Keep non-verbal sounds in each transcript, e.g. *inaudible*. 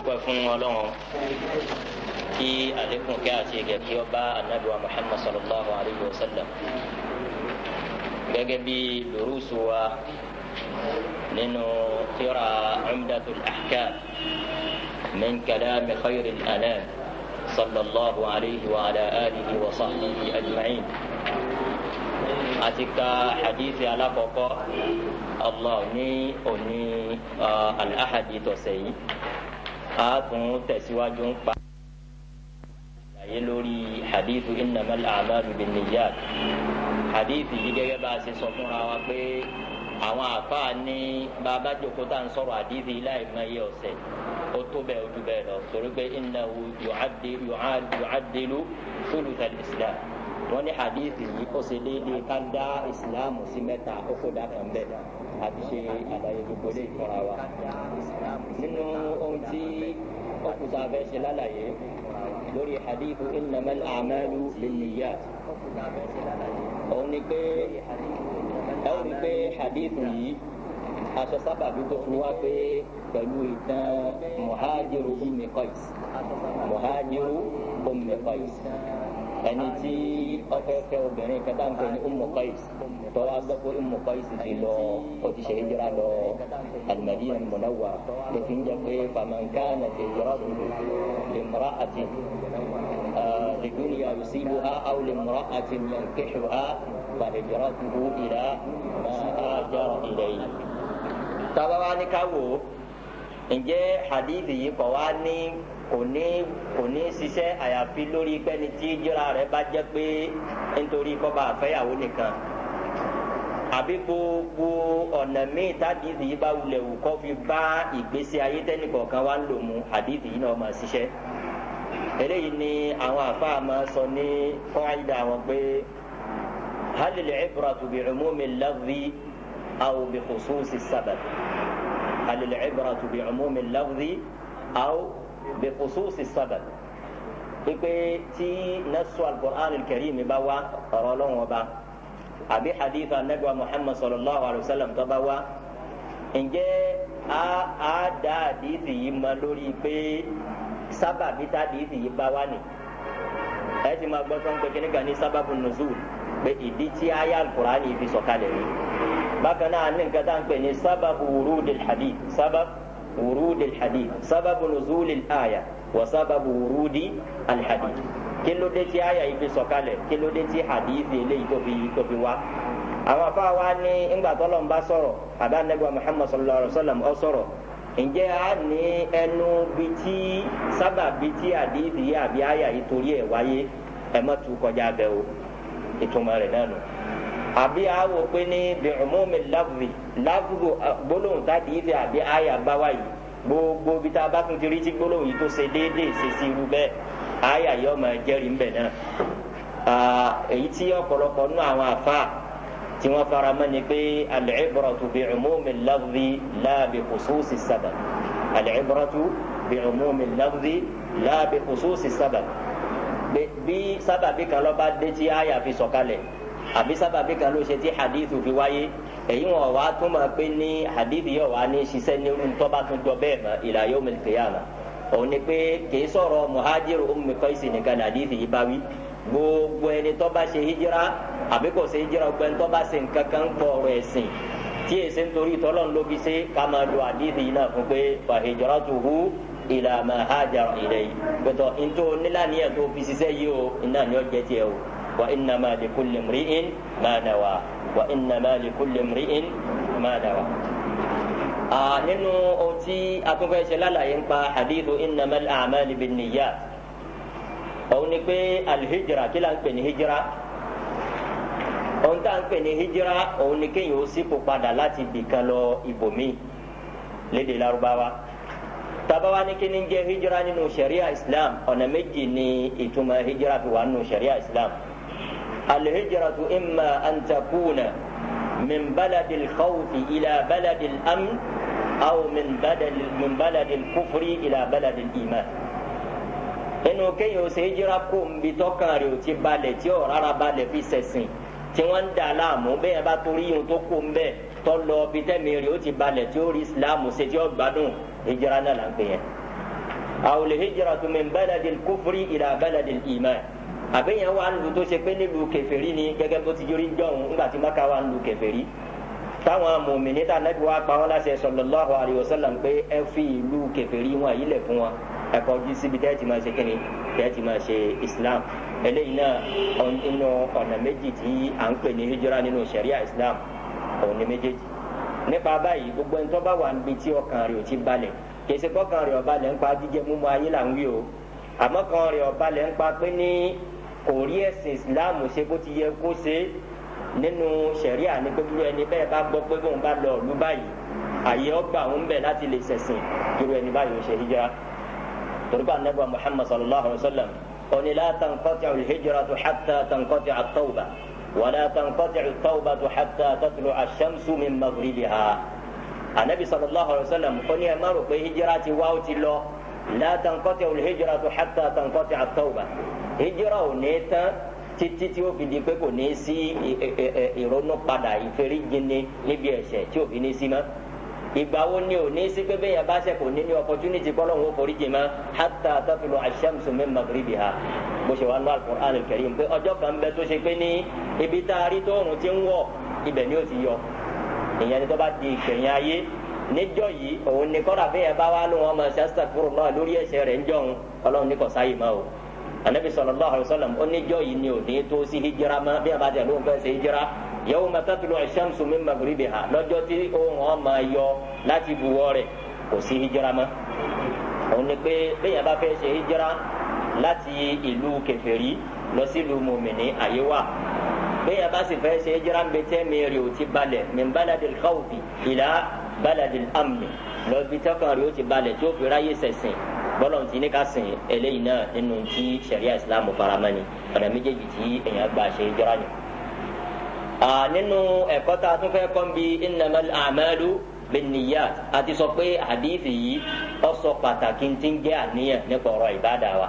dúpẹ́ fún ọlọ́run kí àlékún kí àti ìgẹ̀ kí ọ bá anabiwa muhammad sallallahu alayhi wa sallam gẹ́gẹ́ bí lórúsù wa nínú kíra umdatul ahkam min kalami khayril anam sallallahu alayhi wa ala alihi wa sahbihi ajma'in àti ka hadithi alakoko allah ní òní uh, alahadi tọ̀sẹ̀ yìí a tún tẹ̀síwájú ń pa àyè lórí hadithu innamal a'malu binniyat hadithi yìí gẹ́gẹ́ bá a ṣe sọ fúnra wa pé àwọn àfáà ní bàbá jòkó tá à ń sọ̀rọ̀ hadithi yìí láì mọ iye ọ̀sẹ̀ ó tó bẹ́ẹ̀ ojú bẹ́ẹ̀ lọ torí pé innahu yu'addilu thuluthal islam wọ́n ní hadithi yìí ó ṣe déédéé ká dá ìsìláàmù sí mẹ́ta ó kó dá kan bẹ́ẹ̀ àti ṣe àlàyé gbogbo lè fúnra wa nínú ohun tí ọkùnrin abẹ́ ṣe lálàyé lórí hadithu innamal amalu binniyat òun ni pé ẹ ó rí pé hadithu yìí aṣọ sábàbí tó fún wa pé pẹ̀lú ìtàn muhajiru ummi qais muhajiru ummi ẹni tí ọfẹ fẹ obìnrin kan tá n pè ní umu qais tó wá gbọ́ pé umu qais ti lọ ó ti ṣe hijira lọ alimadina munawwa tó fi ń jẹ pé famanka na ti hijira tó limra ati lidunya yusibu ha aw limra ati yankihu ha fa hijira tuhu ila ma hajara ilayi. tábà wá ní ká wò ǹjẹ́ hadithi yìí kọ́ wá ní kò ní kò ní ṣiṣẹ́ àyàfi lórí pẹ́ni tí jọra rẹ̀ bá jẹ́ pé nítorí kọ́ba àfẹ́yàwó nìkan àbí gbogbo ọ̀nà míì tádìsí yìí bá wulẹ̀ wù kọ́ fi bá ìgbésí ayé tẹ́nìkọ̀ọ̀kan wá ń lò mú àdìsí yìí náà máa ṣiṣẹ́ eléyìí ni àwọn àfáà máa sọ ní fọ́nrán àwọn pé halil ibratu bi umumi lafzi aw bi khususi sabab halil ibratu bi umumi lafzi aw. بخصوص السبب، pípé tí nasu al-Qur'an al-Karim bá wá ọ̀rọ̀ ọlọ́wọ́n bá àbí hadith anagba Muhammad sallallahu alayhi wa sallam tó bá wá ǹjẹ́ a a da àdìsí yìí ma lórí pé sábàbí tá àdìsí yìí bá wá ni ẹ ti máa gbọ́ sọ́n pé kíní kan sábàbù nùzúl pé ìdí tí aya al-Qur'an yìí fi sọ̀kalẹ̀ rí bákan náà ní nǹkan tá à ń pè ní sábàbù wurudil hadith sábàbù. ورود الحديث سبب نزول الآية وسبب ورود الحديث kí ló dé tí àyà yìí fi sọ̀kalẹ̀ kí ló dé tí hadithi eléyìí tó fi tó fi wá. àwọn afáà wa ní ńgbà tó lọ́nba sọ̀rọ̀ àbá anagba muhammad sallallahu alayhi wa sallam ọ sọ̀rọ̀ ǹjẹ́ a ní ẹnu bi tí sábà bi tí hadithi yìí àbí àyà yìí torí ẹ̀ wáyé ẹ̀ mọ́ tu kọjá bẹ́ẹ̀ o ìtumọ̀ rẹ̀ náà nù àbí àwọ̀ pé ní bí ọmọọmọ lábùbí lábùbò gbólóhùn táti ife àbí àyà bá wáyé gbogbo bí tá a bá tún ti rí tí gbólóhùn yìí tó ṣe déédéé ṣe sí irú bẹ́ẹ̀ àyà yóò máa jẹ́rìí ńbẹ̀ náà èyí tí ọ̀pọ̀lọpọ̀ nú àwọn àfa tí wọ́n fara mọ́ ni pé alẹ́bùrọ̀tù bí ọmọọmọ lábùbí láàbì kòsóòsì sábà alẹ́bùrọ̀tù bí ọmọọmọ lábùbí láàbì kòsóòsì sábà bí sábà bí kan lọ́ àbí sábàbí kan ló ṣe tí hadith fi wáyé èyí wọn wá tún máa pé ní hadith yóò wá ní ṣiṣẹ́ nírú tọ́ba tún jọ bẹ́ẹ̀ mọ́ ìlà yóò mẹ́lì kéyàmà òun ni pé kìí sọ̀rọ̀ muhajiru ummi kọ́ìsì nìkan ní hadith yìí bá wí gbogbo ẹni tọ́ba ṣe hijira àbí kò ṣe hijira gbogbo ẹni tọ́ba ṣe nǹkan kan kọ ọ̀rọ̀ ẹ̀sìn tí èsì nítorí tọ́lọ́n ló fi ṣe ká máa lo hadith yìí náà fún pé fa hijratuhu ila ma hajara ilayhi pẹ̀tọ̀ ntò yìí o iná ni ó وإنما لكل امرئ ما نوى وإنما لكل امرئ ما نوى nínú ọtí atúnfẹ́sẹ̀ lálàyé ń pa hadithu innamal a'mal bin niyat òun ni pé alhijira kí la ń pè ní hijira òun tá à hijira òun ni kéèyàn ó sípò padà láti ibìkan lọ ibòmíì lédè lárúbáwá tabawa ni kíni jẹ́ hijira nínú sharia islam ọ̀nà méjì ni ìtumọ̀ hijira fi wà nínú sharia islam. الهجرة إما أن تكون من بلد الخوف إلى بلد الأمن أو من بلد من بلد الكفر إلى بلد الإيمان. إنه كي يسجرا كم بتكاري وتبالة تيار على بالة في تيوان دالام وبيع باتوري وتكم ب تلو بتميري وتبالة تيار إسلام وسجيو بانو هجرانا لانفيه. أو الهجرة من بلد الكفر إلى بلد الإيمان. àbẹ̀yẹn wà lù tó ṣe pé nílùú kẹfẹ́rí ni gẹ́gẹ́ bó ti yọrí gbọ̀hún nígbà tí maka wà lù kẹfẹ́rí táwọn mòmìnì tá anábì wa pa wọn láṣẹ sọlọlọ́hu àríwọ̀sọ́làm pé ẹ fi ìlú kẹfẹ́rí wọn yìí lẹ̀ fún wọn ẹ̀kọ́ ojú síbi tẹ́ ti máa ṣe kíni tẹ́ ti máa ṣe islam eléyìí náà nínú ọ̀nà méjì tí à ń pè ní hijira nínú sẹ̀ríà islam òun ni méjèèjì nípa báyìí gbogbo ẹni tó bá wà níbi tí ọkàn rẹ̀ ò ti balẹ̀ kì í ṣe kọ́kàn rẹ̀ ọ̀balẹ̀ ń pa jíjẹ múmu ayé là ń wí o àmọ́ rẹ̀ ọ̀balẹ̀ ń pa pé ní kò rí ẹ̀sìn islam ṣe bó ti yẹ kó ṣe nínú sẹ̀ríà ní pé irú ẹni bẹ́ẹ̀ bá gbọ́ pé bóun bá lọ ìlú báyìí àyè ọgbà òun bẹ̀ láti lè ṣẹ̀sìn irú ẹni báyìí ó ṣe hijira torípa anabi muhammad sallallahu alayhi wa sallam oni la tankɔti alhijiratu hatta tankɔti atawba wala tankɔti atawbatu hatta tatulu ashamsu min magribiha anabi sallallahu alayhi wa sallam oni ẹ má rò pé hijira ti wá ó ti lọ la tankɔti alhijiratu hatta tankɔti atawba ìjírà ò ní tán títí tí ó fi di pé kò ní sí ìrònú padà ìferíjìnni níbi ẹ̀ṣẹ̀ tí ò fi ní sí mọ́ ìgbà wo ni ò ní sí pé bẹ́ẹ̀ yẹn bá ṣe kò ní ní opportunity kọ́ lóun ó forí jì mọ́ hátà tọ́fìlù àṣàmùsùn mi magrebi ha bó ṣe wà ní alukur'an kẹrin pé ọjọ́ kan bẹ tó ṣe pé ní ibi tá a rí tóorùn ti ń wọ̀ ibẹ̀ ni ó ti yọ ìyẹn ni tó bá di ìkẹyìn ayé níjọ́ yìí òun ni kọ́ra bẹ́ẹ̀ yẹn bá wà lóun ọmọ ṣe àṣàfùrù náà lórí ẹ̀ṣẹ̀ rẹ̀ ń jọ̀hún ọlọ́run ní kò sáyè máa o anabi sallallahu alayhi wa sallam ó níjọ́ yìí ni ò ní tó sí hijira ma bí a bá jẹ lóun fẹ́ ṣe hijira yawma tatlu ash-shamsu min maghribiha lọ́jọ́ tí òun ọ̀ máa yọ láti buwọ́ rẹ̀ kò sí hijira ma òun ni pé bẹ́yẹn bá fẹ́ ṣe hijira láti ìlú kèfèrí lọ sí ìlú mòmìnì àyè wà bẹ́yẹn bá sì fẹ́ ṣe hijira ń bẹ tẹ́ mi rè ó ti balẹ̀ min baladil khawfi ila baladil amni lọ́bi tọkàn rí ó ti balẹ̀ tí ó fi ráyè sẹ̀sìn bọ́lọ̀ tí ní ká sìn eléyìí náà nínú tí sẹ̀ríà ìsìláàmù faramẹ́ni ọ̀nà méjèèjì tí èèyàn gbà ṣe jọra ni. nínú ẹ̀kọ́ tá a tún fẹ́ kọ́ bí innamal a'malu binniyat a ti sọ pé àdífì yìí ó sọ pàtàkì ti ń jẹ́ àníyàn nípa ọ̀rọ̀ ìbáda wa.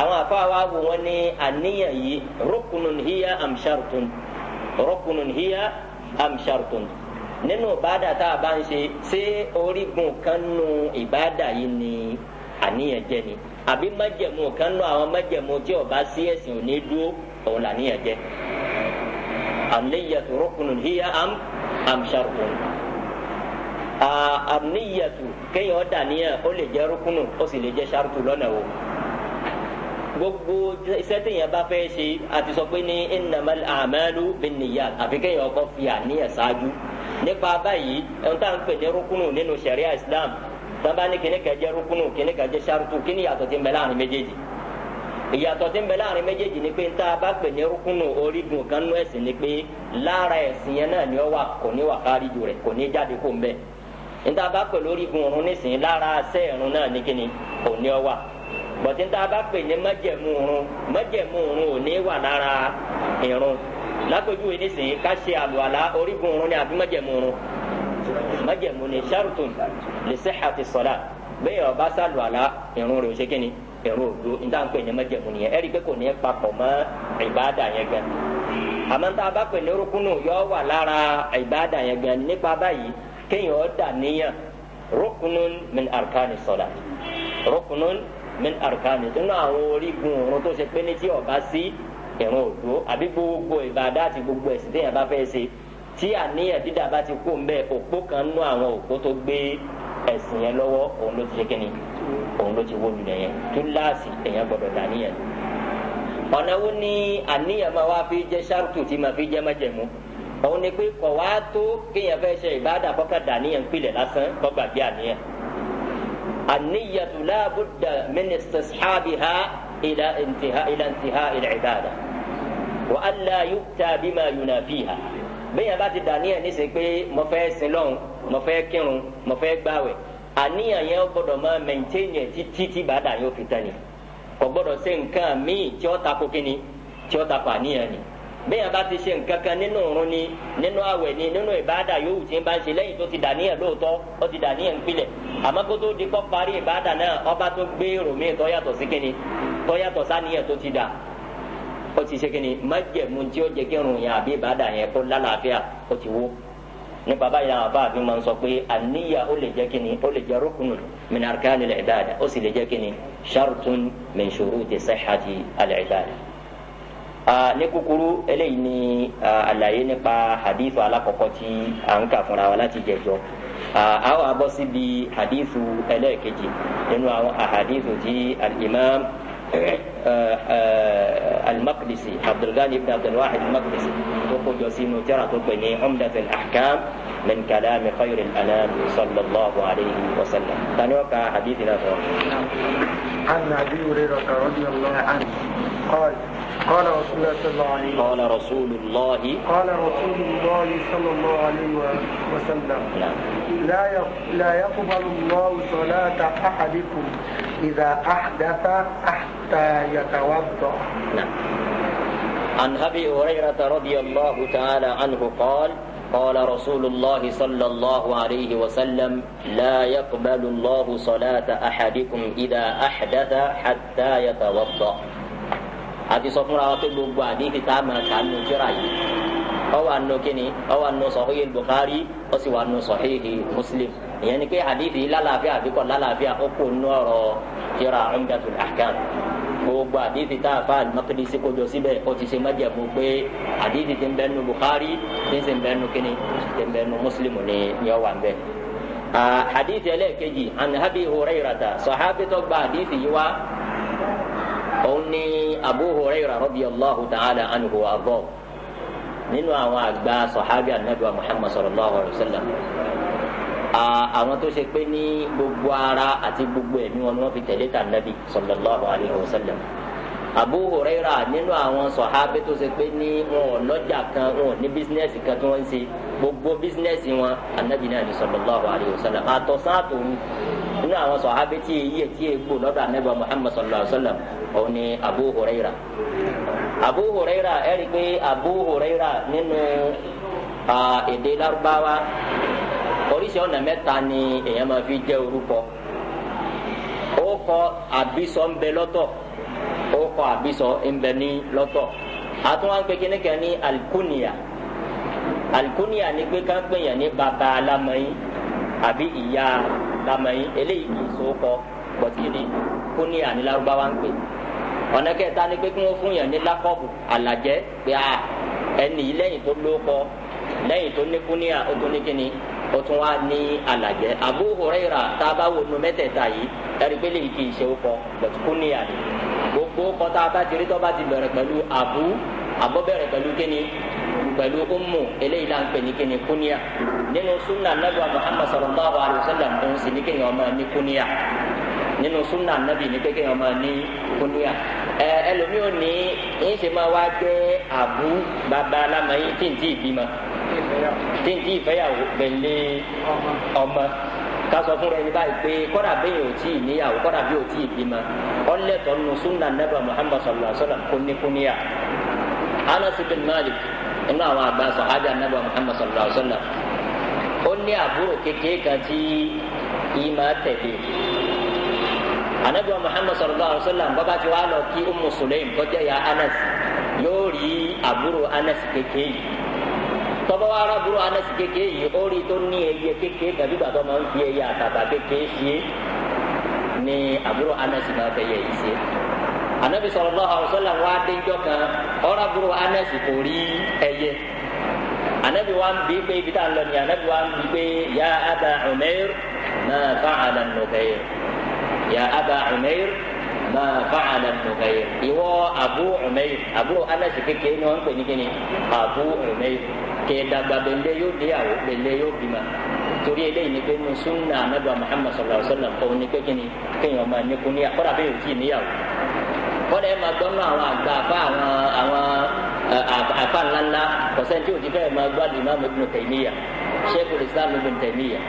àwọn àfáà wa wò wọ́n ní àníyàn yìí rukunun hiya amshartun rukunun hiya amshartun nínú ìbáàdà tá a bá ń ṣe ṣé orígun kan nù ìbáàdà yìí ni àníyàn jẹ ni àbí májẹ̀mú kan nù àwọn májẹ̀mú tí ọba sí ẹ̀sìn òní dúró òun làníyàn jẹ. àníyàtò rọ́kùnù híyà am amṣàrùkùnù. àníyàtò kéèyàn ọ̀dà níyàn ó lè jẹ́ rọ́kùnù ó sì lè jẹ́ ṣàrùkù lọ́nà o gbogbo iṣẹ́ téèyàn bá fẹ́ ṣe àti sọ pé ní innamal a'malu binniyat àfi kéèyàn ọkọ̀ fi àníyàn ṣáájú nípa báyìí ẹ̀hún tá à ń pè ní rúkúnù nínú sẹ̀ríà islam sábà ní kíní kan jẹ́ kíní kan jẹ́ kíní yàtọ̀ tí ń bẹ láàrin méjèèjì ìyàtọ̀ tí ń bẹ láàrin méjèèjì ni pé tá a bá pè ní rúkúnù orígun kan nú ẹ̀sìn ni pé lára ẹ̀sìn yẹn náà ni ó wà kò ní wà kárí ju rẹ̀ kò ní jáde kó ń bẹ̀ níta bá pè lórígun òrun nísìnyí lára sẹ́ ẹ̀run náà ní kíni kò ní ó wà bọ̀tí níta bá pè lápèjúwe nísìnyí ká ṣe àlùwàlá orígun oorun ni àbí májẹ̀mú oorun májẹ̀mú ni sharutun li sihhati salat bẹ́ẹ̀ ọba sàlùwàlá ìrun rẹ̀ ò ṣe kíni ẹ̀rọ òdo níta ń pè ní májẹ̀mú nìyẹn ẹ̀rí pé kò ní papọ̀ mọ́ ìbáàdà yẹn gan àmọ́ tá a bá pè ní rúkúnù yọ wà lára ìbáàdà yẹn gan nípa báyìí kéèyàn ó dà níyàn rukunun min arkani salat rukunun min arkani nínú àwọn orígun òrun tó ṣe pé ní tí ọba sí ìrún òdó àbí gbogbo ìbàdá àti gbogbo ẹ̀sìn téèyàn bá fẹ́ ṣe tí àníyàn dídà bá ti kó mbẹ́ òpó kan nú àwọn òpó tó gbé ẹ̀sìn yẹn lọ́wọ́ òun ló ti ṣe kínni òun ló ti wó lulẹ̀ yẹn túláàsì èèyàn gbọ́dọ̀ dàníyàn ọ̀nà wo ni àníyàn máa wá fi jẹ́ sáàtù tí máa fi jẹ́ májẹ̀mú òun ni pé kọ̀ wá tó kéèyàn fẹ́ ṣe ìbáàdà kọ́kà dàníyàn pilẹ̀ lásán kọ́gbà bí àníyàn àníyàn tó láàbùdà mínísítà sábìhá ìlà ìntìhá ìlà ìntìhá wa ala yukta bima yunafiha bẹ́ẹ̀ bá ti dàníyàn ní sè pé mo fẹ́ sin lọ́hùn mo fẹ́ kírun mo fẹ́ gbàwẹ̀ àníyàn yẹn gbọ́dọ̀ máa maintain yẹn títí tí bàdà yóò fi tán ni kò gbọ́dọ̀ ṣe nǹkan míì tí ó ta ko kíni tí ó ta ko àníyàn ni bẹ́ẹ̀ bá ti ṣe nǹkan kan nínú òrun ni nínú àwẹ̀ ni nínú ìbáàdà yòówù tí ń bá ń ṣe lẹ́yìn tó ti dàníyàn lóòótọ́ ó ti dàníyàn ńpilẹ̀ àmọ́ kó tó di kọ́ parí ìbáàdà náà ọba ó ti segin ni májẹ̀mú tí ó jẹ́ kí irun yẹn àbí ìbàdà yẹn kó lálàáfíà ó ti wó ní baba yìí àwọn afa àfi máa ń sọ pé àníyà ó lè jẹ́ kí ni ó lè jẹ́ rúkúnù min arkani al ó sì lè jẹ́ kí ni shartun min shuruti sihhati al-ibada. ní kúkúrú eléyìí ni àlàyé nípa hadithu alákọ̀ọ́kọ́ tí à ń kà fúnra wa láti jẹjọ́ àwọn abọ́ síbi hadithu ẹlẹ́ẹ̀kejì nínú àwọn hadithu tí al *clears throat* المقدسي عبد الغني بن عبد الواحد المقدسي توكو جوسينو ترى توكو عمدة الأحكام من كلام خير الأنام صلى الله عليه وسلم تنوكا حديثنا فوق عن ابي هريره رضي الله عنه قال قال رسول الله صلى الله عليه قال رسول الله قال رسول الله صلى الله عليه وسلم نعم. لا لا يقبل الله صلاة أحدكم إذا أحدث حتى يتوضأ نعم. عن أبي هريرة رضي الله تعالى عنه قال قال رسول الله صلى الله عليه وسلم لا يقبل الله صلاة أحدكم إذا أحدث حتى يتوضأ àti sọ fúnra wa pé gbogbo àdéhìí tá a máa kà á nu jíra yìí ọ wà nù kíni ọ wà nù sọhíhì bukhari ó sì wà nù sọhíhì muslim ìyẹn ni pé àdéhìí lálàáfíà àbíkọ lálàáfíà ó kò nù ọ̀rọ̀ jíra umdatul ahkam gbogbo àdìsí tá a fa Al-Maqdisi kojọ síbẹ̀ ó ti ṣe májẹ̀mú pé àdìsí ti ń bẹ́ẹ̀ nu Bukhari ti ń sì ń bẹ́ẹ̀ nu kíni ti ń bẹ́ẹ̀ nu Muslim ni yọ wà ń bẹ́ẹ̀. àdìsí ẹlẹ́ẹ̀kejì an Abi Hurayrata sọ̀hábí tó gba àdìsí yìí wá òun ni Abu Hurayra radiyallahu ta'ala anhu wa arḍahu nínú àwọn àgbà sọ̀hábí anabi wa Muhammad sallallahu alayhi àwọn tó ṣe pé ní gbogbo ara àti gbogbo ẹ̀mí wọn ni wọ́n fi tẹ̀lé tà nàbì sallallahu alayhi wa sallam Abu Huraira nínú àwọn sọ̀hábé tó ṣe pé ní wọn ò lọ́jà kan wọn ò ní bísínẹ́sì kan tí wọ́n ń ṣe gbogbo bísínẹ́sì wọn anabi náà ni sallallahu alayhi wa sallam àtọ̀sán àtòun nínú àwọn sọ̀hábé tí èyí ẹ̀ tí ègbò lọ́dọ̀ Muhammad sallallahu alayhi wa sallam Abu Huraira Abu Huraira ẹ̀rí pé Abu Huraira nínú èdè Lárúbáwá oríṣi ọ̀nà mẹ́ta ni èèyàn máa fi jẹ́ orúkọ ó kọ àbísọ ń bẹ lọ́tọ̀ ó kọ àbísọ ń bẹ ní lọ́tọ̀ àtúnwá ń pe kíní kan ní alikunia alikunia ni pé ká ń pèèyàn ní bàbá alámọ̀yìn àbí ìyá alámọ̀yìn eléyìí kì í so kọ bọ̀tí ni kunia ní lárúbáwá ń pè ọ̀nà kẹta ni pé kí wọ́n fún yàn ní lákọ̀bù alàjẹ́ pé ẹni lẹ́yìn tó ló lẹ́yìn tó ní kunia ó tó ní kíni ó tún wá ní alàjẹ Abu Huraira tá a bá wo nu mẹ́tẹ̀ẹ̀ta yìí ẹ̀rí pé lè kì í ṣe ókọ bọ̀tùkú níyà ni gbogbo kọta bá ti tó bá ti bẹ̀rẹ̀ pẹ̀lú abu abọ́ bẹ̀rẹ̀ pẹ̀lú kíni pẹ̀lú ummu eléyìí la ń pè ní kíni kúníyà nínú sunna nabi wa muhammad sallallahu alayhi wa sallam tó ń sin ní kéèyàn máa ní kúníyà nínú sunna nabi ní kini máa ní kúníyà ẹ ẹlòmíràn ní ń ṣe máa wá jẹ́ abu bàbá alámọ̀ yìí tí ń tí bímọ tíntì ìfẹ́yàwó pẹ̀lẹ́ ọmọ kásọ fún rẹ ní báyìí pé kọ́dà bẹ́ẹ̀ ò tí ì níyàwó kọ́dà bẹ́ẹ̀ ò tí ì bímọ ọlẹ́tọ̀ nù súnà nàbà muhammad sallallahu alayhi wa sallam anas bin malik inú àwọn àgbà sọ̀hábì nàbà muhammad sallallahu alayhi sallam ó ní àbúrò kékeré kan tí yìí máa tẹ̀lé anabi muhammad sallallahu alaihi wa sallam bàbá tí wàá lọ kí umu sulaim tó jẹ́ ya anas yóò rí àbúrò anas kékeré yìí tọ́bọ̀ wa arábúrò anẹ́sì kékeré yìí ó rí tó ní ẹyẹ kékeré tàbí gbàtọ́ máa ń fi ẹyẹ àtàtà kékeré ṣe ni àbúrò anẹ́sì máa fẹ́ yẹ yìí ṣe anabi sallallahu alaihi wasallam wa denjọ kan ọraburu anasi kò rí ẹyẹ anabi wa bi pé ibi tá a lọ ni anabi wa bi pé ya aba umair ma fa'ala nukair ya aba umair ma fa'ala nukair ìwọ abu umair abu anasi kékeré ni wọn pè ní kíni abu umair kẹ̀ẹ́dàgbà bẹ̀ǹdẹ̀ yóò níyàwó bẹ̀ǹdẹ̀ yóò bímọ torí eléyìí ni pé nu sunna anagba muhammad sallallahu alaihi wa sallam òun ni pé kí ni kéèyàn máa ní kun níyàwó kọ́dà bẹ́ẹ̀ yóò tí ì níyàwó kọ́dà ẹ̀ máa gbọ́nú àwọn àgbà àfa àwọn àwọn àfa ńláńlá kọ̀sẹ́ni tí o ti fẹ́ máa gbádùn imáàmù ibn taymiya sheikul islam ibn taymiya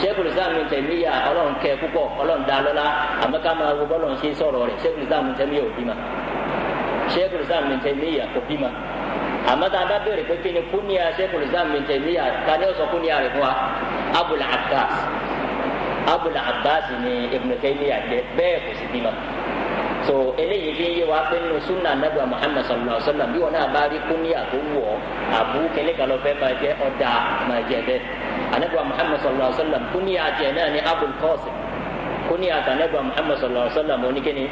sheikul islam ibn taymiya ọlọ́run kẹ́ púpọ̀ ọlọ́run dá lọ́lá àmọ́ ká máa wo bọ́lọ̀ ń ṣe sọ̀rọ̀ islam ibn taymiya ò bímọ sheikul àmọ́ tá a bá béèrè pé kí ni kúnìyà sẹ́kùn islam mi tẹ̀míyà ta ni ó sọ kúnìyà rẹ̀ fún wa abul abbas abul abbas ni ibn tẹ̀míyà jẹ bẹ́ẹ̀ kò sí bímọ. so eléyìí fi ń yé wa pé nínú sunna anagba muhammad sallallahu alaihi wa sallam bí wọn náà bá rí kúnìyà tó wọ̀ àbú kẹlẹ́ kan lọ fẹ́ máa jẹ ọ̀dà máa jẹ bẹ́ẹ̀ anagba muhammad sallallahu alaihi wa sallam kúnìyà jẹ náà ni abul qasim ó ní àtànẹ́gbà muhammed sallallahu Alaihi wa sallam kini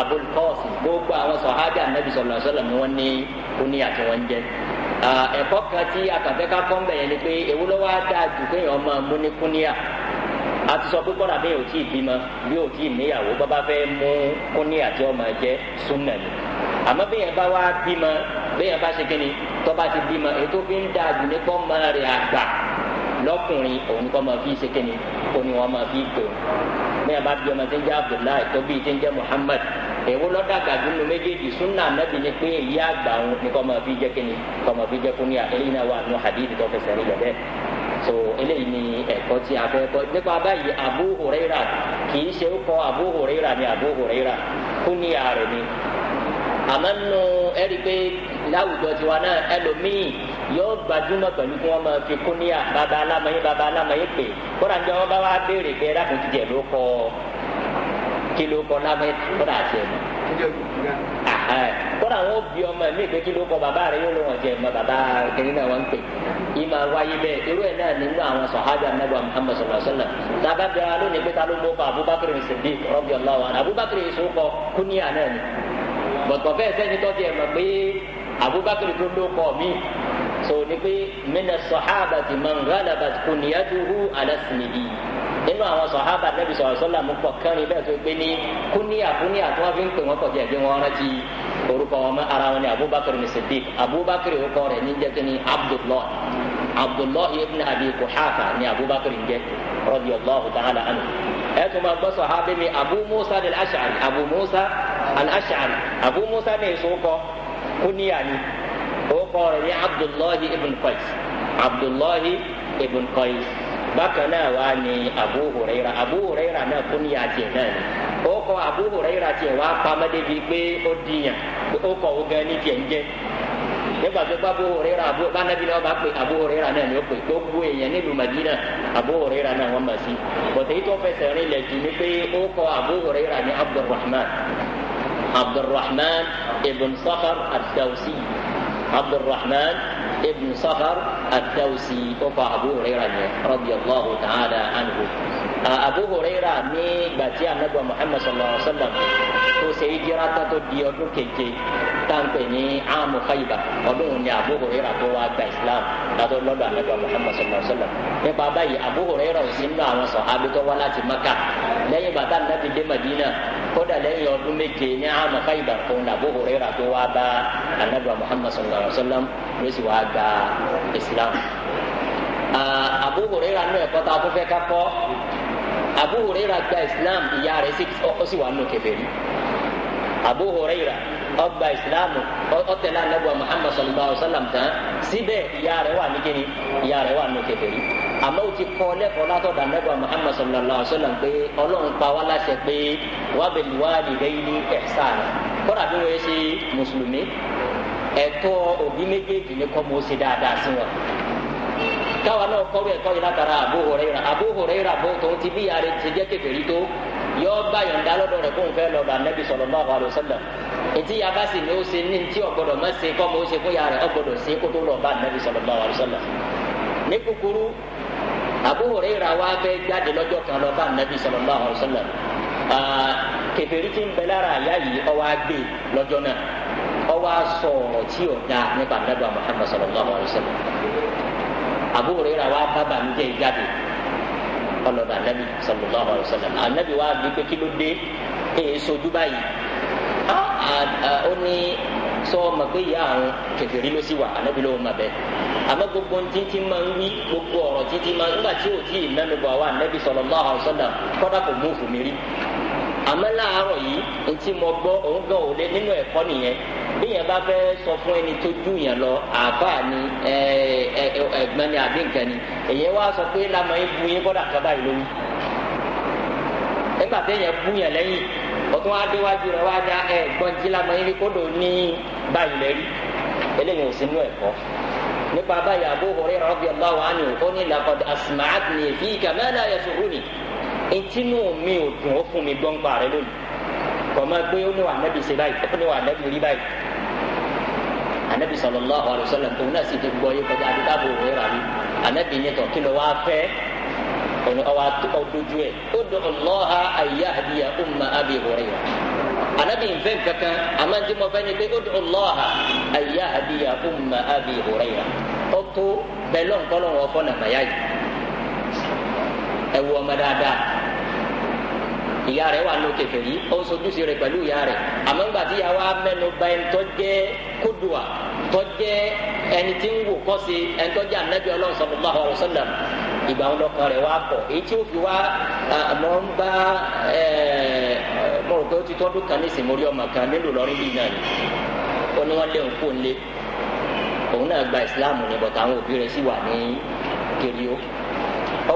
abul kọ́ọ̀sì gbogbo àwọn sọ̀hábì anabi sallallahu Alaihi wa sallam wọn ní oní àti wọn jẹ. ẹ̀kọ́ kan tí akàfẹ́ká kọ́ ń bẹ̀yẹn ni pé ewu lọ́wọ́ á dáa jù kéèyàn máa mú ní kúníà a ti sọ pé kọ́ra bẹ́ẹ̀ ò tí ì bímọ bí ò tí ì níyàwó bàbá fẹ́ mú kúníà tí ọmọ jẹ súnmọ̀ ni àmọ́ bẹ́ẹ̀ bá wá bímọ bẹ́ẹ̀ bá ṣe kíni tọ́ bá ti bímọ ètò fi ń dáa jù ní kọ́ máa àgbà lọ́kùnrin òun kọ́ máa fi ṣe kíni òun ni máa fi pè ọ́ bẹ́ẹ̀ bá bí ọmọ tí ń jẹ́ abdullahi tó bí tí ń jẹ́ muhammad èwo lọ́dà gàdúnú méjèèjì sunna anabi ni pé èyí àgbà òun ni kọ́ máa fi jẹ́ kíni kọ́ máa fi jẹ́ fún ní àtẹ̀lẹ́ náà wà nù hadith tó fẹsẹ̀ rí lẹ́bẹ̀ẹ́ so eléyìí ni ẹ̀kọ́ tí a fẹ́ kọ́ nípa báyìí abu huraira kì í ṣe kọ́ abu huraira ni abu huraira kúnìyà rẹ̀ ni àmọ́ nù ẹ̀rí pé láwùjọ tiwa náà ẹlòmíì yóò gbajúmọ̀ pẹ̀lú kí wọ́n máa fi kún níyà baba alámọ̀yé baba alámọ̀yé pé kóra ń jẹ́ wọ́n bá wá béèrè pé ẹ̀rá ti jẹ̀ ló kọ́ kí ló kọ́ lámọ̀yé kóra àti ẹ̀ kóra wọn bí ọmọ mi pé kí ló kọ bàbá rẹ yóò lọ wọn jẹ mọ bàbá kìnìún náà wọn pè yìí máa wáyé bẹ́ẹ̀ irú ẹ̀ náà nínú àwọn sọ̀hábì anábọ̀ Muhammad sallallahu lónìí pé ta ló mú Abubakar Siddiq radiyallahu anhu Abubakar yìí sọ náà ni bọ̀tọ̀ sẹ́ni tọ́jú ẹ̀ mọ̀ pé abubakar tó ló kọ mí so ni pé mina sọ̀hábà ti mangala bàtí kò níyà tó hu alásìmìlì nínú àwọn sọ̀hábà nẹ́bí sọ̀rọ̀ sọ́là mú pọ̀ kẹrin bẹ́ẹ̀ tó gbé ní kúníyà kúníyà tí wọ́n fi ń pè wọ́n kọjá ẹ̀gbẹ́ wọn rántí orúkọ wọn mọ́ ara wọn ni abubakar ní sadiq abubakar orúkọ rẹ̀ ní jẹ́ kí ni abdullahi abdullahi ibn abi kuhafa ni abubakar ń jẹ́ radiyallahu ta'ala anhu ẹtù máa gbọ́ sọ̀hábẹ́ mi abu musa al abu musa al abu musa ní èso kúníyà ni orúkọ rẹ̀ ní abdullahi ibn qais abdullahi ibn qais bákan náà wà ní abu huraira abu huraira náà kúníyà tiẹ̀ náà ni orúkọ abu huraira tiẹ̀ wà pamẹ́dé bíi pé ó dìyàn ó kọ̀ ó gan ní tiẹ̀ ń jẹ́ nígbà tó bá Abu Hurairah abu bánabi náà bá pe Abu Hurairah náà ni ó pe tó gbó èèyàn nílùú Madina Abu Hurairah náà wọ́n mọ̀ sí bọ̀tẹ́ yìí tó fẹsẹ̀ rìn lẹ̀ jù ní pé ó kọ Abu Hurairah ní Abdurrahman عبد الرحمن ابن صخر الدوسي عبد الرحمن ابن صخر الدوسي وفعبو هريرة رضي الله تعالى عنه Ah, Abu Hurairah ni gbàtí anabi Muhammad sallallahu alaihi wa sallam tó ṣe hijira tán tó di ọdún keje táǹpẹ̀ ní amu Khaybar ọdún ní Abu Hurairah tó wá gba Islam látọ̀ lọ́dọ̀ anabi Muhammad sallallahu alaihi wa sallam nípa báyìí Abu Hurairah ò sí nínú àwọn sọ̀hábí tó wá láti Makkah lẹ́yìn bàtà nàbì dé Madina kódà lẹ́yìn ọdún méje ní àmà Khaybar fún Abu Hurairah tó wá bá anabi Muhammad sallallahu alaihi wa sallam ló sì wá gba Islam. Ah, Abu Hurairah ni ẹ̀kọ́ tá a tún fẹ́ ká kọ́ Abu Huraira gba islam ìyá rẹ̀ ó sì wà nù kèfèrí Abu Huraira ọgbà islam ọtẹlẹ anagba Muhammad sallallahu alaihi wa sallam tán síbẹ̀ ìyá rẹ̀ wà ní kíni ìyá rẹ̀ wà nù kèfèrí àmọ́ o ti kọ́ lẹ́kọ̀ọ́ látọ̀dọ̀ anagba Muhammad sallallahu alaihi wa sallam pé ọlọ́run pa wá láṣẹ pé wa bil walidayni ihsana kọ́ra bí wọ́n ṣe mùsùlùmí ẹ̀tọ́ òbí méjèèjì ni kọ́ mọ́ ṣe dáadáa sí wọn káwa náà kọ́ bẹ́ẹ̀ kọ́ yìí látara Abu Huraira Abu Huraira bó tó ti bí yàrá ti jẹ́ kékeré tó yọ bá yọ̀ǹda lọ́dọ̀ rẹ̀ kó n fẹ́ lọ́dọ̀ anabi sallallahu alaihi wasallam etí yaba sì ni ó ṣe ní ti ọ̀gbọ́dọ̀ má ṣe kọ́ mọ́ ó ṣe fún yàrá ọ̀gbọ́dọ̀ ṣe kó tó lọ bá anabi sallallahu alaihi wasallam ní kúkúrú Abu Huraira wá fẹ́ jáde lọ́jọ́ kan lọ bá anabi sallallahu alaihi wasallam kèfèrí ti ń bẹ lára àyà yìí ọwọ́ agbè lọ́jọ́ náà ọwọ́ asọ̀rọ̀ tí ò dáa nípa anabi Muhammad sallallahu alaihi wasallam Abu Hurairah wa bàbà mi jẹ́ ìjáde ọlọ́dọ̀ anabi sallallahu alayhi wa sallam wa bí pé kí ló dé èyí sojú báyìí ó ní sọ ma pé ìyá àwọn kẹfìrí ló sì wà anabi ló ma bẹ àmọ́ gbogbo títí máa ń wí gbogbo ọ̀rọ̀ títí máa ń nígbà tí ò tí ì mẹ́nu bọ̀ wá anabi sallallahu alayhi wa kọ́dà kò mú òfin mi rí àmọ́ láàárọ̀ yìí ntí mo gbọ́ òun gan ò lé nínú ẹ̀kọ́ nìyẹn bí yẹn bá fẹ́ sọ fún ẹni tó dùn yẹn lọ àbá ni ẹ̀gbọ́n ni àbí nǹkan ni èyẹ wá sọ pé lamọ̀ yín bu yín bọ́dà kaba yìí lóyún nígbà tí yẹn bu yẹn lẹ́yìn ọtún wá déwájú rẹ wá dá ẹ̀gbọ́n tí lamọ̀ yín kó dò ní báyìí lẹ́rí eléyìí ò sí nínú ẹ̀kọ́ nípa báyìí Abu Hurairah radiyallahu anhu ní laqad asma'atni fika ntinu mi ò dùn ó fún mi gbọ́n pa rẹ lónìí kọ́mọ pé ó ní wà nẹ́bi ṣe báyìí ó ní wà nẹ́bi rí báyìí anabi sallallahu alayhi wa sallam tó náà sì ti gbọ́ yé kọjá àti táàbù òwe rà mí anabi ní tọ́ kí ló wá fẹ́ ọ̀nà ọ̀wá ọ̀dójú ẹ̀ ó dọ̀ ọlọ́ha umma abi hurayra anabi nfẹ́ kankan amáǹtí mo fẹ́ ni pé ó dọ̀ ọlọ́ha ayé umma abi hurayra ó tó bẹ́ẹ̀ lọ́nkọ́ lọ́wọ́ fọ́nà màyá yìí ẹ wọ ìyá rẹ̀ wà lókè fèrí ó ń sojúṣe rẹ̀ pẹ̀lú ìyá rẹ̀ àmọ́ ńgbà tí ìyàwó amẹ́nu bá ẹni tó jẹ́ kódùà tó jẹ́ ẹni tí ń wò kọ́ sí ẹni tó jẹ́ anabi ọlọ́run sallallahu alaihi wasallam ìgbà wọn lọkàn rẹ̀ wá kọ̀ èyí tí ó fi wá mọ̀ ń bá mo rò ó ti tọ́dún kan nísìnyí mo rí ọmọ kan nílùú lọ́rí bíi náà ni ó ní wọ́n lé òun kó lé òun náà gba ìsìláàmù ni bọ̀tà àwọn òbí rẹ̀ sì wà ní kéré ó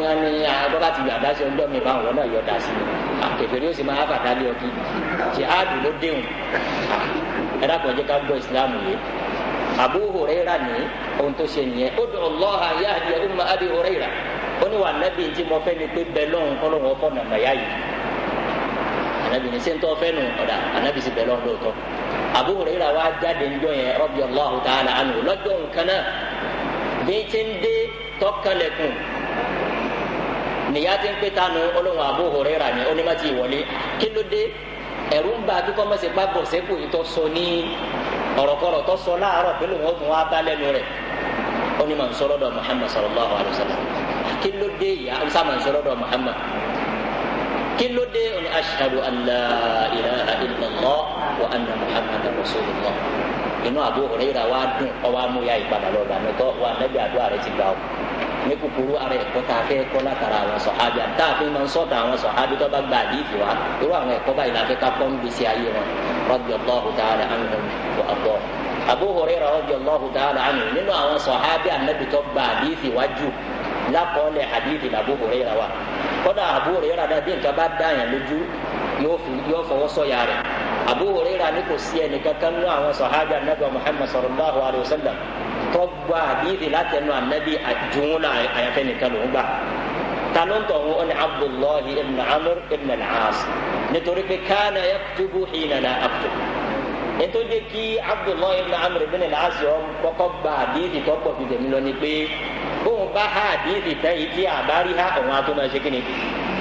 ní wọn ní àádọ́ láti yọ àdásí ọjọ́ mi bá wọn náà yọ dásí ah, kẹfẹ́rí ó sì máa bàtà lé ọkì ṣe áàdù ló déhùn ah, ẹ dákun ẹjẹ ká gbọ́ ìsìlámù yìí Abu Huraira ni ohun tó ṣe nìyẹn ó dùn lọ́ha yá àdìyẹ ó máa Abi Huraira ó ní wà nábì tí mo fẹ́ ni pé bẹ́ẹ̀ lọ́hùn kọ́ lóhùn ọkọ̀ nàmà yá yìí ànábì ní sẹ́ńtọ́ fẹ́ nù ọ̀dà ànábì sì bẹ́ẹ̀ lọ́hùn lóòótọ́ Abu Huraira wá jáde ńjọ yẹn radiyallahu ta'ala anhu lọ́jọ́ nǹkan náà bí ti ń dé tọ́kànlẹ̀kùn nìyá ti ń pè tánu olóhùn Abu Huraira ni ó ní má ti wọlé kí ló dé ẹ̀rù ń ba akíkọ́ mọ̀ sí pa bọ̀sẹ̀ kò yìí tó sọ ní ọ̀rọ̀kọ̀rọ̀ tó sọ láàárọ̀ pé lòun ó tún wá bá lẹ́nu rẹ̀ ó ní màá ń sọ̀rọ̀ dọ̀ Muhammad sallallahu alayhi wa sallam kí ló dé ìyá ó sá màá ń sọ̀rọ̀ dọ̀ Muhammad kí ló dé ó ní ashhadu an la ní kúkúrú ara ẹ̀kọ́ tá a fẹ́ kọ́ látara àwọn sọ̀hábì àti tá a fi máa ń sọ̀tà àwọn sọ̀hábì tó bá gba àdìsí wa irú àwọn ẹ̀kọ́ báyìí la fẹ́ ká kọ́ ń gbèsè ayé wọn radiyallahu ta'ala anhum wa abọ́. Abu Huraira radiyallahu ta'ala anhu nínú àwọn sọ̀hábì ànábì tó gba àdìsí wa jù lákọọ́lẹ̀ àdìsí l'Abu Huraira wa kọ́dà Abu Huraira náà bí nǹkan bá tọgbọ àdìsí látẹnu anabi àdúnlá àyàfẹ nìkan ló ń gbà talonto ŋun ɔni abdullahi ibn amr ibn al-aas nítorí pé kaana yaktubu xiinana aktub ètò jẹ kí abdullahi ibn amr ibn al-aas yọ kọkọ gba àdìsí tọgbọ fi tèmi lọ ni pé bóun bá ha àdìsí tẹ yìí tí àbárí ha òun àtúmọ̀ ṣe kíni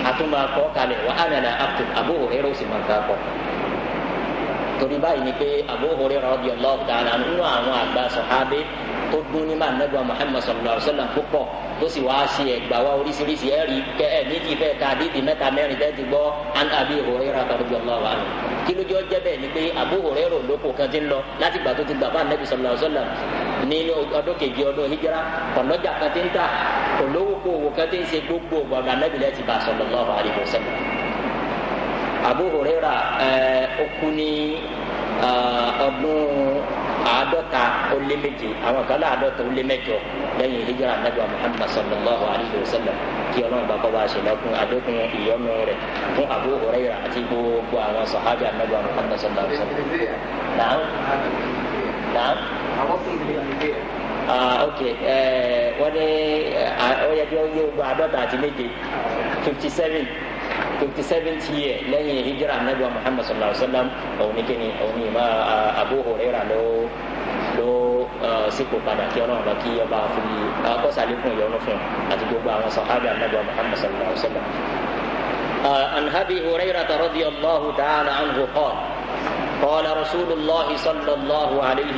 àtúmọ̀ kọ́ kalẹ̀ wà á nana aktub àbò òhèrè òsì máa ń ká kọ́ torí báyìí ni pé àbò òhèrè rọ̀ bí ọlọ́ọ̀ta nínú tó dún ní máa nẹ́gbà muhammed sallallahu alayhi wa sallam púpọ̀ tó sì wá ṣe ẹ̀gbà wa oríṣiríṣi ẹ̀ rí kẹ́ ẹ̀ méjì fẹ́ ta àdídì mẹ́ta mẹ́rin tẹ́ ti gbọ́ an abi hurairah tàbí ọlọ́wà rẹ̀ kí ló jọ jẹ́ bẹ́ẹ̀ ni pé abu hurairah lóko kan ti ń lọ láti gbà tó ti gbà fún anabi sallallahu alayhi wa sallam nínú ọdún kejì ọdún hijira ọ̀nọ́jà kan ti ń ta olówó kó owó kan ti ń ṣe gbogbo ọ̀gbọ̀n anabi lẹ́ẹ̀tì bá sallallahu alayhi wa sallam abu hurairah ọkùnrin ọdún àádọ́ta ó lé méje àwọn kan láàdọ́ta ó lé mẹ́jọ lẹ́yìn hijira anabi muhammad sallallahu alayhi wa sallam kí ọlọ́run bá kọ́ bá ṣe lọ́kùn àdókùn ìyọnu rẹ̀ fún abu huraira àti gbogbo àwọn sọ̀hábì anabi muhammad sallallahu alayhi wa sallam. naam naam. ah ok eh, wọ́n ní ọ̀yẹ́dẹ́ eh, ó yé gbogbo àádọ́ta àti méje fifty seven. 57 seventh year lẹ́yìn hijira anabi wa muhammad sallallahu alaihi wa sallam òun ni kini òun ni ma abu huraira ló ló sípò padà kí ọlọ́run lọ kí ọba fi akọ́sàlékún ìyọnu fún àti gbogbo àwọn sọ̀hábì anabi wa muhammad sallallahu alaihi wa sallam. عن ابي هريره رضي الله تعالى عنه قال قال رسول الله صلى الله عليه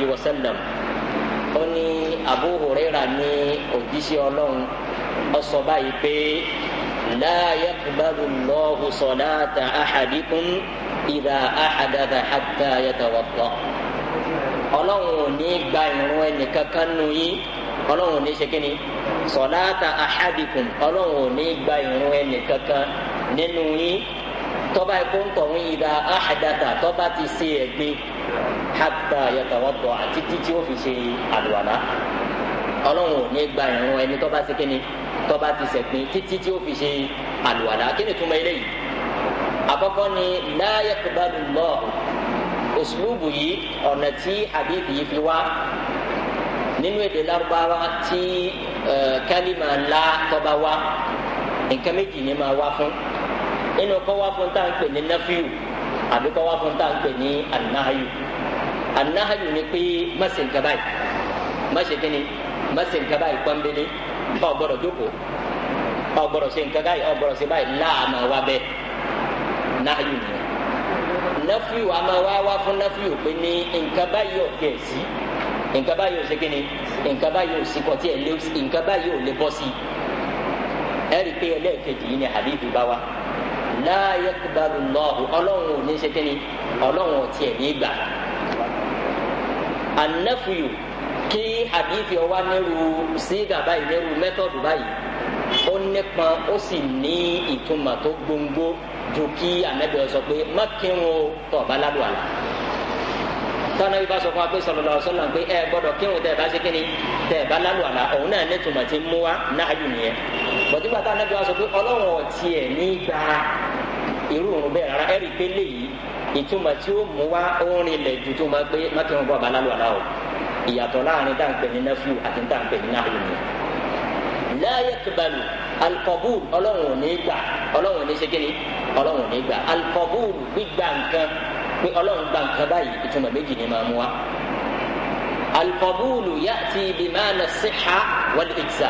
ó ní abu huraira ní òjíṣẹ́ ọlọ́run ó sọ báyìí pé لا يقبل الله صلاة أحدكم إذا أحدث حتى يتوضأ ọlọ́run ò ní gba ìrún ẹnìkankan nù yín ọlọ́run ò ní ṣe kíni sọ̀láta ahadikum ọlọ́run ò ní gba ìrún ẹnìkankan nínú yín tọ́ba ikú ń tọ̀ wọ́n ìdá ahadata tọ́ba ti ṣe ẹ̀gbin hatta yatawadda àti títí ó fi ṣe àlùwàlá ọlọ́run ò ní gba ìrún ẹni tọ́ba ṣe kíni tó bá ti sẹ̀pin títí tí ó fi ṣe àlùwàlà kí ni túmọ̀ eléyìí àkọ́kọ́ ni la yaqbalu Allah òṣùlùbù yìí ọ̀nà tí hadith yìí fi wá nínú èdè lárúbáwá tí kálímà la tó bá wá nǹkan ni máa wá fún nínú kọ́ wá fún tá à nafiu àbí kọ́ wá fún tá à anahayu anahayu ni pé má ṣe nǹkan báyìí má ṣe kí ọgbọ́dọ̀ jókòó ọgbọ́dọ̀ ṣe nǹkan báyìí ọgbọ́dọ̀ ṣe báyìí láàmà wa bẹ náàyò nìyẹn nafiu àmà wa wá fún nafiu pé ní nǹkan báyìí ò sí nǹkan báyìí ò ni nǹkan báyìí ò sí kọ́ tiẹ̀ lé nǹkan ni bá wa láàyè kubaru lọ́ọ̀hù ọlọ́run ò ní ṣe ni ọlọ́run ò tiẹ̀ ní kí hadithi ọwa nírú sígà báyìí nírú mẹ́tọ̀dù báyìí ó nípọn ó sì ní ìtumọ̀ tó gbòǹgbò ju kí anabi sọ pé má kírun o tọ̀ bá ládùn àlà tọ́nà bí sọ fún wa pé sọlọ́lọ́ sọlọ́ pé ẹ gbọ́dọ̀ kírun tẹ̀ bá ṣe kí tẹ̀ bá lálù àlà òun náà ní tùmọ̀ tí ń mú wa náà yù nìyẹn bọ̀dúgba tá anábì wa sọ pé ọlọ́run ọ̀tí ẹ̀ ní gba irú òun bẹ́ẹ̀ rárá ẹ̀rí pé léyìí ìtumọ̀ tí ó mú wa ó rinlẹ̀ ju tó máa gbé mákìrún bọ́ bá lálù àlà ìyàtọ̀ láàrin dáńpẹ̀ ní nafiu àti dáńpẹ̀ ní nahiu ni la yakbalu alikọbúl ọlọ́run ò ní gbà ọlọ́run ò ní segin ọlọ́run ò ní gbà alikọbúl gbígbà nǹkan pé ọlọ́run gba nǹkan báyìí ìtumọ̀ méjì ni máa mú wa alikọbúl yàtì bimáàna síxa wàlú ìtìsà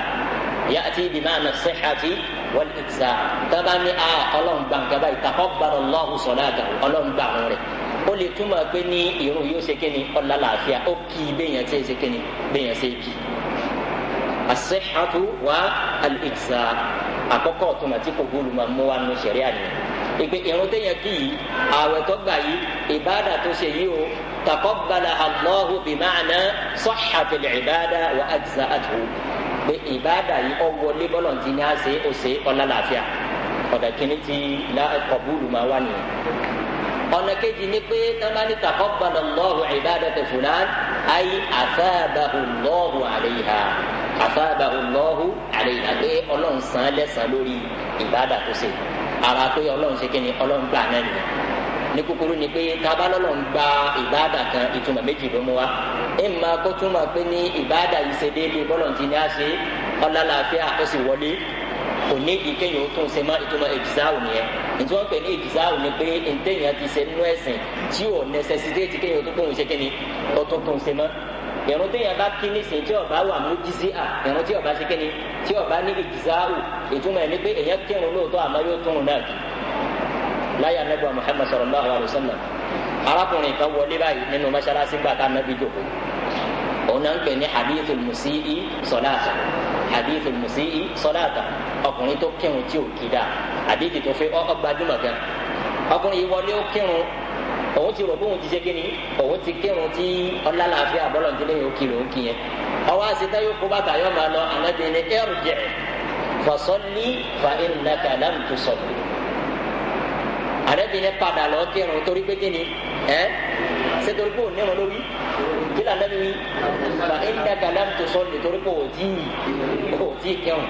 yàtì bimáàna síxa ti wàlú ìtìsà tábà ní a ah, ọlọ́run gba nǹkan báyìí taqabbalallahu salatahu ọlọ́run gba ó lè túmọ̀ pé ní irun yóò ṣe kíni ọ̀la làáfíà ó kì í béèyàn ṣe é ṣe kíni béèyàn ṣe é kì í. as-sihhatu wa al-ijza' àkọ́kọ́ ọ̀túnmọ̀ tí kò gbóòlù máa mú wa nù sẹ̀ríà nìyẹn ìpè irun téèyàn kì í ààwẹ̀ tó gbà yìí ìbáàdà tó ṣe yìí o taqabbalaha Allahu bima'na sahhat ibada wa ajza'athu pé ìbáàdà yìí ọ wọlé bọ́lọ̀ tí a ṣe ó ṣe ọ̀la làáfíà ọ̀dà ti la qabulu máa wà nìyẹn ọ̀nà kejì ni pé tọ́mání taqabbala Allahu ibadata fulan ay athabahu Allahu alayha athabahu Allahu alayha pé ọlọ́run san lẹ́sàn lórí ìbádà tó ṣe ara pé ọlọ́run ṣe kíni ọlọ́run gbà náà nìyẹn ní kúkúrú ni pé tábà lọ́lọ́run gba ìbádà kan ìtumọ̀ méjì ló mú wa ẹ̀ máa kó túmọ̀ pé ní ìbádà yìí ṣe déédéé bọ́lọ̀ ti ní á ṣe ọlọ́láfíà kò ní ìdí kéèyàn ó tún ṣe má ìtumọ̀ ìdìsáwò nìyẹn ìtumọ̀ ń pè ní ìdìsáwò ni pé ntẹ̀yìn ti ṣe nínú ẹ̀sìn tí ò nẹ́sẹ̀sítéètì kéèyàn ó tún pòun ṣe kíni ó tún tún ṣe mọ́ ìrún téèyàn bá kí nísìn tí ọba wà mú jísí à ìrún tí ọba ṣe kíni tí ọba ní ìdìsáwò ìtumọ̀ ẹ̀ ní pé èèyàn kírun lóòótọ́ àmọ́ yóò tún un náà kí láyé anábọ̀ Muhammad sallallahu alayhi wa sallam arákùnrin kan wọlé báyìí nínú mọ́ṣáláṣí gbàtà anábì jòkó òun ń pè ní hadithul musii sọ̀dáàtà hadith musii sọláàtà ọkùnrin tó kírun tí ò kí dáa hadith tó fi ọgbàdúmọ̀ gan ọkùnrin yìí wọlé ó kírun òun ti rò pé òun ti ṣe kíni òun ti kírun tí ọlálàáfíà bọ́lọ̀ ní lẹ́yìn òkì lòun kì yẹn ọwọ́ àṣetá yóò kó bàtà yóò máa lọ ànábi ní ẹrùjẹ fọsọ́lì fàìlàkàlàm tó sọ̀tù ànábi ní padà lọ kírun torí pé kíni ẹ ṣé torí pé lórí kí lànà mi fa iná kàlám tó sọ lè torí kò tí kò tí kẹun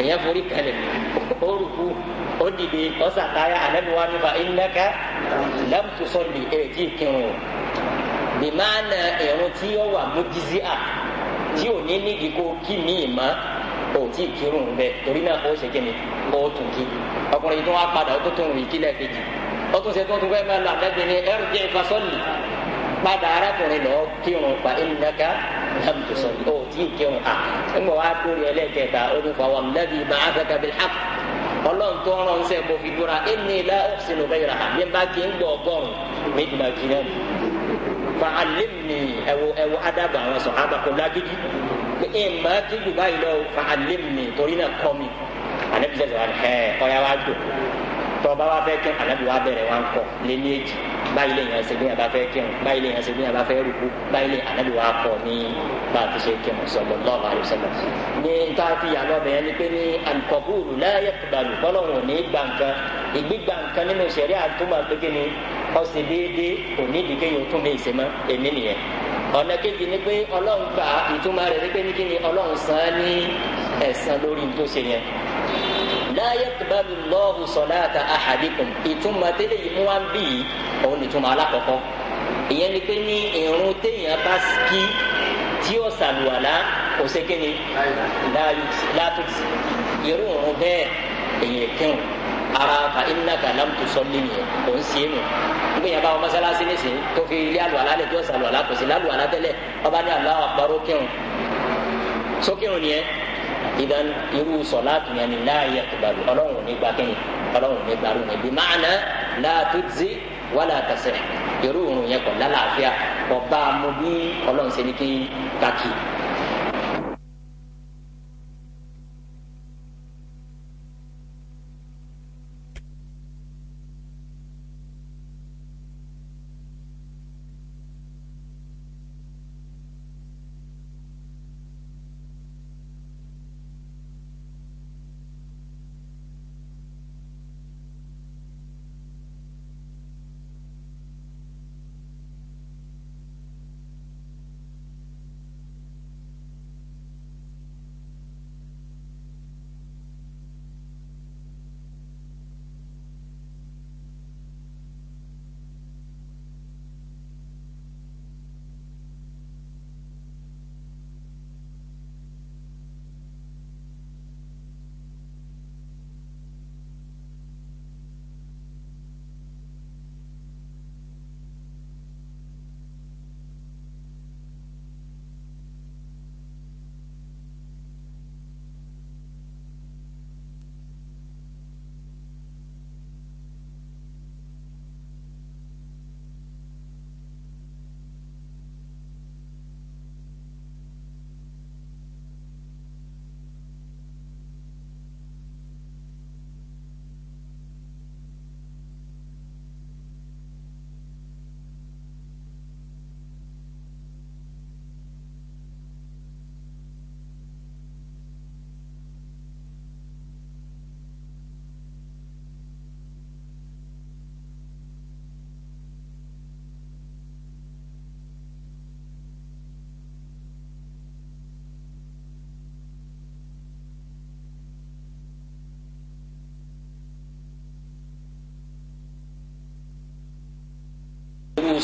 èèyàn forí kalẹ̀ ó rùkú ó dìde ó sàtáyà ànábi wa ni fa iná ká lám tó sọ lè ẹ̀ tí kẹun o bí máa na ẹ̀rùn tí ó wà mójísí à tí ò ní nídìí kó kí mi mọ́ o tí ì kírun bẹ́ẹ̀ torí náà ó ṣe kí ni ó tún kí ọkùnrin tó wá padà ó tó tún rìn kílẹ̀ kejì ó tún ṣe tó tún fẹ́ máa lọ àdẹ́gbẹ̀ẹ́ ẹ̀rù jẹ́ ìfasọ́lì padà arákùnrin lọ kírun pa ẹnìdàkà lam tó sọ ọ tí ì kírun a ẹgbẹ wa dórí ẹlẹ́kẹta onífà wà nàbí ma afẹ́ka bí hàp ọlọ́ntọ́ ọ̀ràn sẹ́ mo fi dúra ẹni la ọ̀sìn òbẹ́ yìí rà mí bá kí n gbọ́ ọgọ́rùn méjì máa kí náà fa alimni ẹwọ ẹwọ adaba àwọn sọ abakọ lagidi pé ẹ máa kí dubai lọ fa alimni torí náà kọ́ mi àná bí sẹ́sẹ̀ wà ní ẹ ọ̀yà wa dùn tọba wa fẹ́ kí anabi wa bẹ̀rẹ̀ wa kọ lé ní èjì báyìí lè yàn sẹbi yàn bá fẹ́ kí n báyìí lè yàn sẹbi yàn bá fẹ́ rúkú báyìí lè anabi wa kọ ní bá a ti ṣe kí n sọlọ lọọ àlọ sọlọ. ní nta fi yàrá ọbẹ yẹn ni pé ní alikọbúrú láyé kubalu kọlọ́hún ò ní gbà nǹkan ìgbé gbà nǹkan nínú sẹ̀rí àtúmọ̀ pé kí ni ọ̀sẹ̀ déédéé òní ìdíkẹ́ ni pé ọlọ́run gbà ìtumọ̀ rẹ̀ ni pé ní kí ni ọlọ́run san án láyẹ̀tìbábi lọ́ọ̀hù sọ̀láàtà àhàdìkùn ìtumọ̀ tẹ́lẹ̀ yìí mú wá ń bì í òun nìtumọ̀ alákọ̀ọ́kọ́ ìyẹn ni pé ní irun téèyàn bá kí tí ó sàlùwàlá kò ṣe kí ni látùtù irú òun bẹ́ẹ̀ èyàn kírun ara ka iná ka lamtu sọ́lé nìyẹn kò ń ṣe é nù nígbà yẹn bá wọn mọ́sálásí nísìnyí tó fi ilé àlùwàlá lẹ̀ tí ó sàlùwàlá kò sí lálùwàlá tẹ́lẹ̀ ọba ní aláwọ̀ àpárọ̀ kírun sókírun idan irú sọláàtù yẹn ni láàyè ìgbàlù ọlọ́run ní gbàkẹ́yìn ọlọ́run ní gbàlù yẹn bí ma'ana láàtú zi wàlà àtàsẹ̀ irú òun yẹn kọ̀ lálàáfíà kọ̀ bá a mú bí ọlọ́run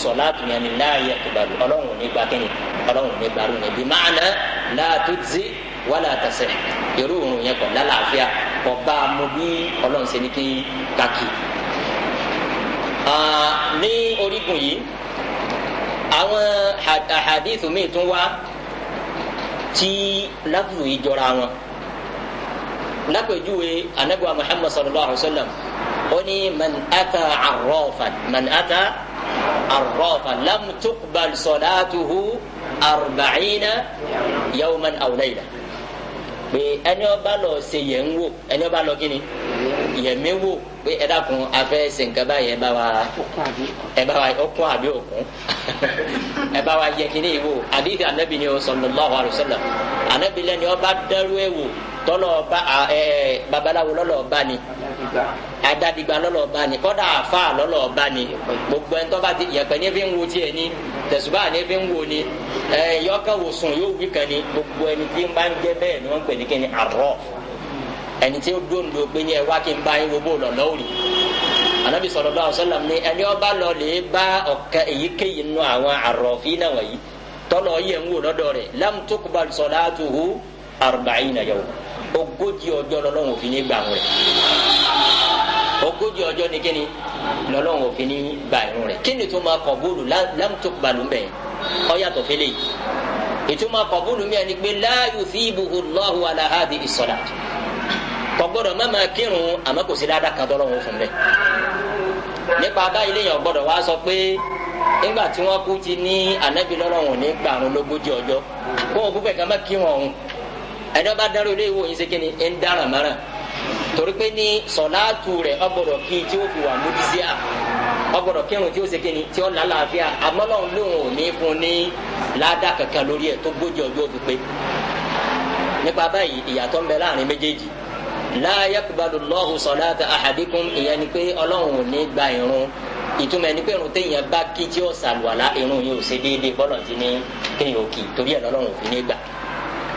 sọ̀láàtù yẹn ni láàyè ìbàlù ọlọ́run ò ní gba kínní ọlọ́run ò ní gbarú ni bí ma'ana la tujzi wala tasih irú òun yẹn kọ̀ lálàáfíà kọ̀ bá a mú bí ọlọ́run ṣe ní kí kàkì. ní orígun yìí àwọn hadithu míì tún wá tí lábùrù yìí jọra wọn lápẹjúwe anabiwa muhammad sallallahu alaihi wa sallam ó man ata arrofan man ata arrafa lam tuqbal sọ̀dáàtuhu arba'ina yawman aw layla pé ẹni ọba lọ ṣe yẹ ń wò ẹni ọba lọ kíni yẹmí wò pé ẹ dákun afẹ́ ṣe nǹkan báyìí ẹ bá wa ẹ bá wa ọkùn àbí òkun ẹ bá wa yẹ kíni wò àdìsí anabi ni o sallallahu alaihi wasallam anabi lẹni ọba dẹrú ẹ wò tọlọ ọba ẹ babaláwo lọlọ ọba ni adadigba lọlọba ni kọdà afa lọlọba ni gbogbo ẹni tọba ti yẹpẹ ní fi ń wo tiẹ ni tẹsùbà ní fi ń wo ni ẹ yọkẹwòsùn yóò wí kan ni gbogbo ẹni tí ń bá ń ni wọn pè ní kíni àrọ ẹni tí ó dóńdó pé ní ẹ wá kí n bá wo bó lọ lọ́wọ́rì anabi sallallahu alaihi wasallam ni ẹni ọba lọ lè bá ọkẹ èyíkéyìí nù àwọn àròfin náà wọ̀nyí tọlọ yẹ ń wò lọ́dọ̀ rẹ̀ lam tuqbal salatuhu arba'ina yawm ogójì ọjọ́ lọ́lọ́run òfin ní gbàmù rẹ̀ ogójì ọjọ́ ni kíni lọ́lọ́run òfin ní gba ìrun rẹ̀ kíni tó máa kọ̀bùlù lámùtòkùbalù ń bẹ̀ ọ̀yàtọ̀ fẹ́lẹ̀ yìí ìtumọ̀ kọ̀bùlù mi ẹni pé láàyò fi ibùhù lọ́hù aláhàbí ìsọ̀lá kọ̀gbọ́dọ̀ má máa kírun àmọ́ kò sí dáadáa kan tọ́lọ́run fún bẹ́ẹ̀ nípa báyìí léèyàn gbọ́dọ̀ wá sọ pé nígbà tí wọ́n kú ti ní ànábì lọ́lọ́run ní gbàrún lógójì ọjọ́ kó wọn kú fẹ̀ ká má kírun ọ̀hún ẹni wọ́n bá dárò ilé ìwòyìn ṣe kíni ń dáràn máràn torí pé ní sọ̀láàtù rẹ̀ ọgbọ̀dọ̀ kí tí ó fi wà múdísíà ọgbọ̀dọ̀ kírun tí ó ṣe kíni tí ó là láàfíà amọ́lọ́hún lòun ò ní fún ní ládà kankan lórí ẹ̀ tó gbójú ọjọ́ òfin pé nípa báyìí ìyàtọ̀ ń bẹ láàrin méjèèjì lọ́hùn àhàdíkùn ìyẹn ni pé ọlọ́run ò ní gba ìtumọ̀ ẹni pé irun téèyàn tí ó irun yìí ò ṣe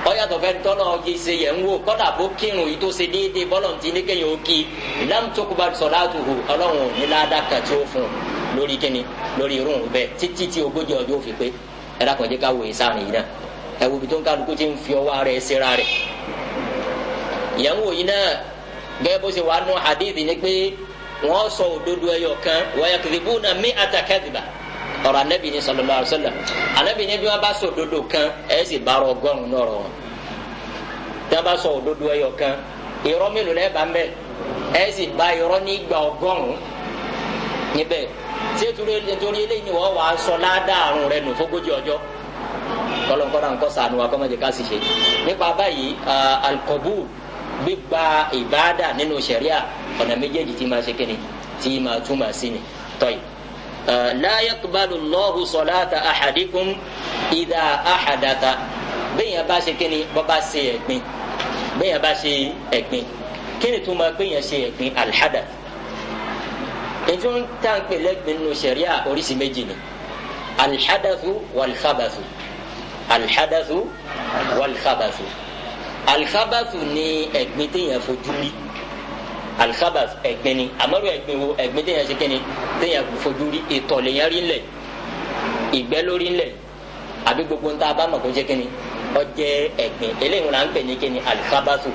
ọyàtọ̀ fẹ́ tọ́nà ọjì ṣe yẹ̀ ń wò kọ́dà ní kéèyàn ó kí lámtókùbá sọ̀láàtùhù ọlọ́run ò ní fún lórí kíni lórí irun bẹ́ẹ̀ títí tí ogójì ọjọ́ òfin pé ẹ dákun jẹ́ ká wòye náà ẹ wo ibi tó ń ń fi ọwọ́ rẹ̀ ṣera rẹ̀ yẹ̀ yìí náà gẹ́gẹ́ bó ṣe wà nù hadith ni pé wọ́n sọ òdodo ẹyọ kan wọ́n yà kìdìbù ọ̀rọ̀ anabi ni sallallahu alaihi wasallam anabi ni bí wọn bá sọ òdodo kan ẹ sì bá rọ ọgọ́rùn náà rọ wọn bí wọn bá sọ òdodo ẹyọ kan irọ́ mélòó lẹ bá mẹ ẹ sì bá irọ́ ní ìgbà ọgọ́rùn níbẹ̀ tí nítorí eléyìí ni wọn wàá sọ ládàárún rẹ nù fógójì ọjọ́ kọlọńkọlọ nǹkan sànù akọmọdé ká sì ṣe nípa báyìí alikọbù gbígba ìbáàdà nínú ṣẹríà ọ̀nà méjèèjì tí máa ṣe kéde tí máa túmọ̀ sí ni tọ́yìí la yaqbalu Allahu salata ahadikum idha ahadatha bẹ́ẹ̀yàn bá ṣe kíni bọ́ bá ṣe ẹ̀gbin bẹ́ẹ̀yàn bá ṣe ẹ̀gbin kíni tó máa gbẹ̀yàn ṣe ẹ̀gbin alhadath ètò ń tà ń pè lẹ́gbin nínú sẹ̀ríà oríṣi méjì ni alhadathu walkhabathu alhadathu walkhabathu alkhabathu ni ẹ̀gbin téèyàn fojú rí. alikabas ẹ̀gbin ni amadu ẹ̀gbin wo ẹ̀gbin tẹyàn ṣe kẹni tẹyàn fojú rí ìtọ̀lẹ̀yàn rí lẹ̀ àbí gbogbo ntá bá mọ̀ kó ṣe kẹni ọjẹ́ ẹ̀gbin eléyìí la ń pè ní kẹni alikabasu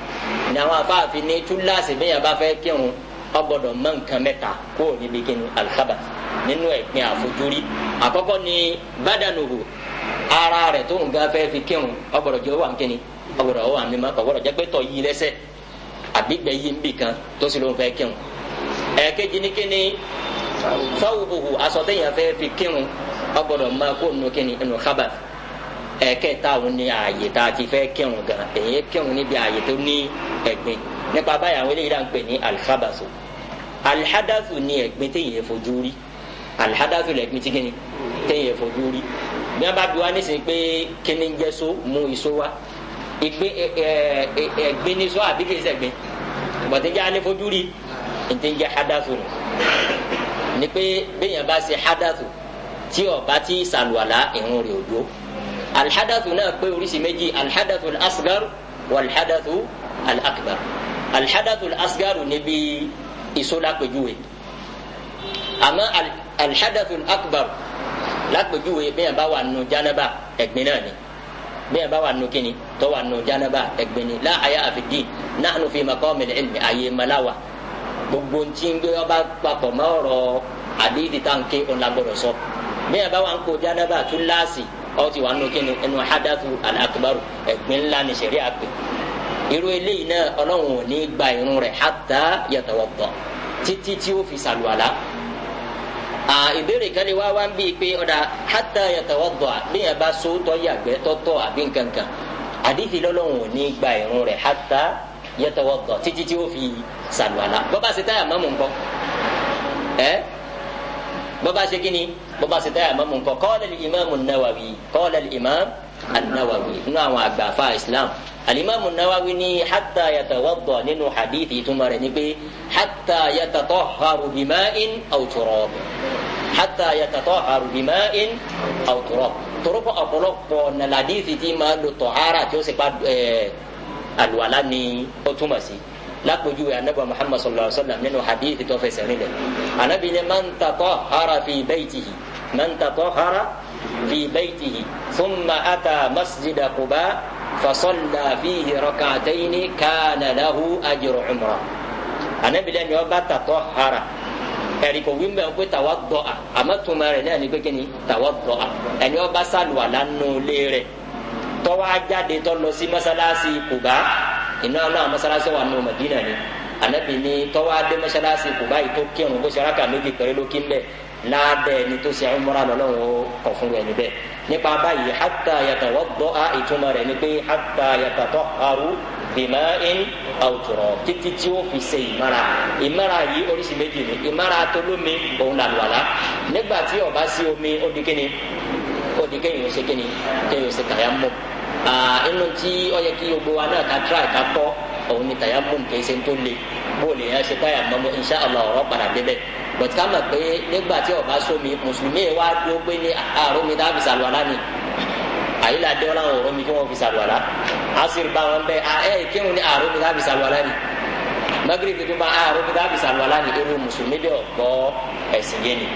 ní àwọn afáàfin ní túláàsì bẹ́yàn bá fẹ́ kírun ó gbọ́dọ̀ mọ̀ nǹkan mẹ́ta kó o níbi kẹni alikabas ara tó fi àgbègbè yìí ń bì kan tó sì ló ń fẹ́ kírun ẹ̀ẹ́kejì ní kíni fáwùbùhù asọ̀tẹ̀yìn fẹ́ fi kírun ọgbọ́dọ̀ máa kó nù kíni nù kábà ẹ̀ẹ́kẹta òun ni ààyè tá a ti fẹ́ kírun gan èyí kírun níbi ààyè tó ní ẹ̀gbin nípa báyà àwọn eléyìí dáhùn pé ní alikabaso alihadasu ni ẹ̀gbin téèyàn fojú rí alihadasu lẹ̀gbin tí kíni téèyàn fojú rí bí wọ́n bá bí wá nísìnyí pé kíni ń so mú iṣó wá ìgbé ẹ̀gbin ní sọ àbí kìí sẹ̀gbin bọ̀tẹ́jà ní fojúrí ntẹ́ ń jẹ́ hadathu ni pé béèyàn bá ṣe hadathu tí ọba ti sàlùwàlà ìrun rẹ̀ òdo alhadathu náà pé oríṣi méjì alhadathu asgar walhadathu alakbar alhadathu asgar níbi ìsọlápẹ̀júwe àmọ́ alhadathu akbar lápẹ̀júwe béèyàn bá wà nù jánábà ẹ̀gbin náà ni bẹ́ẹ̀ bá wà nù kíni tọ́ wà nù jánaba ẹgbẹ́ni la aya àfìdí nahnu fi maqamil ilmi ayé malawa gbogbo ntí ń gbé ọba papọ̀ mọ́ ọ̀rọ̀ àdídì táǹkì ọ̀làgbọ̀dọ̀ sọ bẹ́ẹ̀ bá wà ń kó jánaba tún láàsì ọ ti wà nù kíni ẹnu hadatu alakubaru ẹgbẹ́ ńlá ni sẹ̀rí àpè irú eléyìí náà ọlọ́run ò ní gba irun rẹ̀ hatta yatawadda títí tí ó fi sàlùwàlá ìbéèrè kan ni wá wá ń bí i pé ọ̀dà hátà yatawadda' bí yẹn bá so tọ́ yàgbẹ́ tọ́tọ́ àbí nkankan àdìsí lọ́lọ́run ò ní gba ìrun rẹ̀ hátà yatawadda' títí tí ó fi sàlùwàlà bọ́bá ṣe táyà mọ́mù nǹkan ẹ́ bọ́bá ṣe kí ni bọ́bá ṣe táyà mọ́mù nǹkan qala al-imam an-Nawawi qala imam anawawi nínú àwọn àgbàfà islam alimami nawawi ní hata yatawadọ nínú hadithi ìtumọ̀ rẹ̀ ni pé hata yatatọ harubima in awuturọ hata yatatọ harubima in awuturọ toroko ọ̀pọ̀lọpọ̀ naladithi ti ma lo tọhara tí ó sì pa ẹẹ aluwala ni ó túmọ̀ sí lápòjú anabi muhammad sallallahu alaihi wa sallam nínú hadithi tó fẹsẹ̀ rinlẹ̀ anabi ni man tatọ hara fi bẹ́ẹ̀ man tatọ hara. في بيته ثم أتى مسجد قباء فصلى فيه ركعتين كان له أجر عمرة أنا بلان يوبا تطهر ẹ̀ríkò wíńbẹ̀ pé tàwa dọ̀ à àmọ́ tuma rẹ̀ náà ni pé kíni tàwa dọ̀ à ẹni ọba sálùwà lánà lé rẹ̀ tọ́wọ́ ajáde tọ́ lọ sí mọ́sálásí kùbá iná náà mọ́sálásí wà nù ni ànábì ni tọ́wọ́ adé mọ́sálásí kùbá yìí tó kírun bó ṣe arákà méjì pẹ̀lú ló kí lábẹ́ ẹni tó ṣe ẹ̀múra lọ́lọ́wọ́ kọ̀ fún ẹni bẹ́ẹ̀ nípa báyìí hatta yatawadda'a ìtumọ̀ rẹ̀ ni pé hatta yatatahharu bima'in aw turab títí tí ó fi ṣe ìmọ̀ra ìmọ̀ra yìí oríṣi méjì ni ìmọ̀ra tó lómi òun làlùwàlá nígbà tí ó bá sí omi ó di kíni ó di kéèyàn ṣe kíni kéèyàn ṣe tàyámù inú tí ó yẹ kí gbogbo wa náà ká tíráì ká kọ́ òun ni tàyámù kì í ṣe tó le bóòlù yẹn ṣe káyà mọ́mú insha Allah ọ̀rọ̀ padà débẹ̀ bọ̀tí ká mọ̀ pé nígbà tí ọba sómi mùsùlùmí wa dúró pé ní àárọ̀ ah, ah, mi tá a fi sàlùwà lánìí àyílá dé wọn láwọn ọ̀rọ̀ mi kí wọ́n fi sàlùwà lá asiri bá wọn bẹ ah, ẹ kírun ní àárọ̀ tá a fi sàlùwà lánìí magiri tuntun bá àárọ̀ tá a fi sàlùwà lánìí irú mùsùlùmí bẹ́ẹ̀ ọ̀gbọ́ ẹ̀sìn yé ni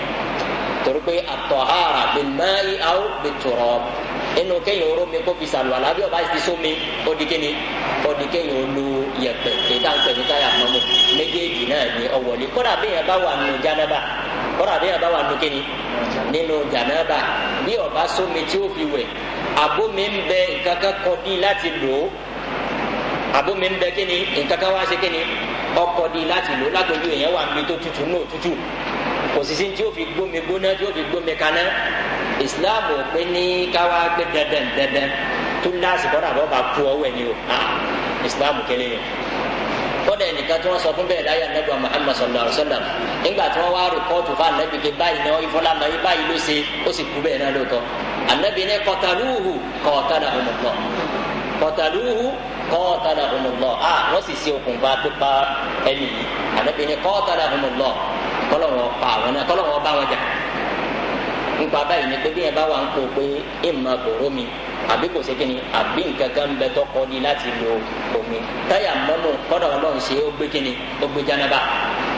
torí pé àtọ̀hárà bilmáì aw biturab inú kéèyàn ọ̀rọ̀ mi kó fi sàlùwà lá bí ọba ọdí kéèyàn lò yẹ̀pẹ̀ èyí tá à ń pè méjèèjì náà ni ọ̀wọ́lé kọ́dà bí yẹn bá wà nù jánábà kọ́dà bí yẹn bá wà nù kíni nínú jánábà bí ọba sómi tí ó fi wẹ̀ àbómi ń bẹ nǹkan kan láti lò ó àbómi ń bẹ kíni nǹkan wá ṣe kíni ọkọ̀ láti lò ó látọjú èèyàn wà níbi tó tutù náà tutù kò tí ó fi gbómi gbóná tí ó fi gbómi kaná islam ò pé ní káwá gbé dandan dandan tó láàsì kọ́dà bọ́ bá kú ọwọ́ ẹ̀ o. Ah islam kele yẹn kódà ẹnìkan tí wọn sọ fún bẹ́ẹ̀ láyé anabi muhammad sallallahu alaihi wa sallam nígbà tí wọn wá rìpọ́tù fún anabi ké báyìí náà ìfọlá náà báyìí ló ṣe ó sì kú bẹ́ẹ̀ náà lóòótọ́ anabi ní kọtaluhu kọtala ọmọlọ kọtaluhu kọtala ọmọlọ a wọn sì ṣe okùnfà pípa ẹni yìí anabi ní kọtala ọmọlọ kọlọ́wọ́ pa àwọn náà kọlọ́wọ́ bá wọn nípa báyìí ni pé bí yẹn bá wà ń kó pé ẹ má bòrò mi àbí kò sékìní àbí nǹkan kan bẹ tọkọ ni láti lo omi táyà mọ́mọ́ kọ́dọ̀ ọlọ́run ṣe ó gbé kíni ó gbé jánábà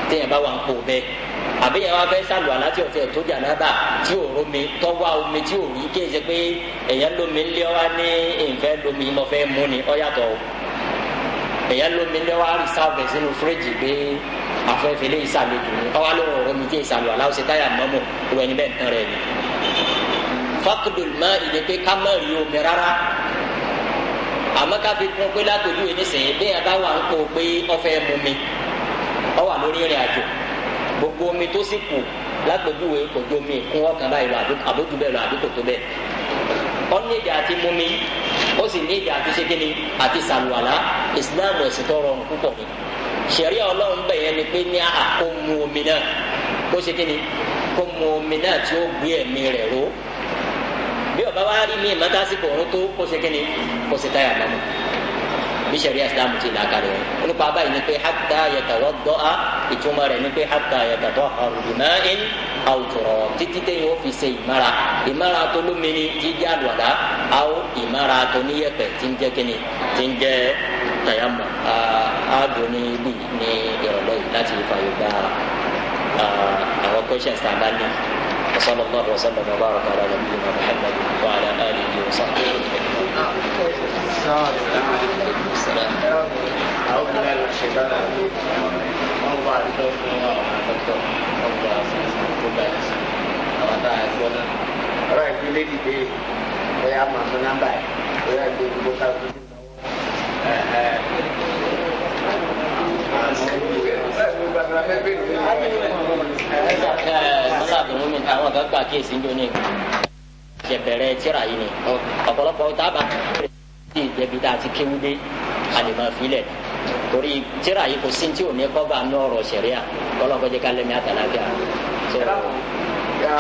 téèyàn bá wà ń kó bẹ́ẹ̀ àbí yẹn wá fẹ́ sàlù aláti ọ̀tẹ̀ tó jánábà tí ò romi tọ́wá omi tí ò rí kí ẹsẹ̀ pé èèyàn lómi ńlẹ́ wá ní ìfẹ́ lómi mo fẹ́ mú ni ọ yàtọ̀ èèyàn lómi ńlẹ́ wá rìsáàbẹ̀ sínú fíríjì pé afẹ́fẹ́ lé ìsàlejò ni ọwọ́ alẹ́ wọ̀ omi jẹ́ ìsàlù aláwọ̀ ṣe táyà mọ́mọ́ wọ ẹni bẹ́ẹ̀ tán rẹ̀ ni. fakidul ma ìdè pé ká mọ̀ rí omi rárá àmọ́ ká fi kún pé látòjú ni nísìnyí bí ẹ bá wà ń kó o pé ọfẹ́ mu mi ọ wà lórí ìrìn àjò gbogbo omi tó sì kù látòjú yìí kò ju omi kún ọkàn báyìí lọ àbójú bẹ́ẹ̀ lọ àbíkò bẹ́ẹ̀ ọ ní àti mú mi ó sì ní èdè àti ṣégeni àti sàlùwàlá ìsìláàmù ẹ̀sìn tó rọrùn púpọ̀ mi sẹ̀ríà ọlọ́run bẹ̀ yẹn ni pé ní àkó omi náà kó ṣe kíni kó omi náà tí ó gbé ẹ̀mí rẹ̀ ró bí ọba wa rí mi ìmọ̀tásíkò ọ̀run tó kó ṣe kíni kó ṣe táyà mọ́mú bí sẹ̀ríà Islam ti là kalẹ̀ wọn nípa báyìí ni pé hatta yatawadda'a ìtumọ̀ rẹ̀ ni pé hatta yatatahharu bima'in aw turab títí tẹ́yìn ó fi ṣe ìmára ìmára tó lómi ni ti jẹ́ àlùwàlá aw tó níyẹ̀pẹ̀ ti ń jẹ́ kíni ti ń jẹ́ tayamọ aado ní ibi ni ìrọ̀lẹ́ yìí láti fààyè gba àwọn questions tá a bá ní وصلى الله وسلم وبارك على نبينا محمد وعلى اله وصحبه اجمعين. السلام أعوذ بالله من الشيطان الرجيم. الله يحفظكم ويحفظكم. الله يحفظكم. àwọn tá a sọ mọ́sàbìnrin mi àwọn kan gbà kíyèsí ń jóni jẹ̀bẹ̀rẹ̀ tíra yìí ni ọ̀pọ̀lọpọ̀ tábà tí ìjẹ̀bi tá a ti kéwu dé àlèmọ̀filẹ̀ torí tíra yìí kò sí tí ò ní kọ́ bá nú ọ̀rọ̀ sẹ̀ríà kọ́lọ́kọ́ jẹ́ ká lẹ́mí àtàláfíà.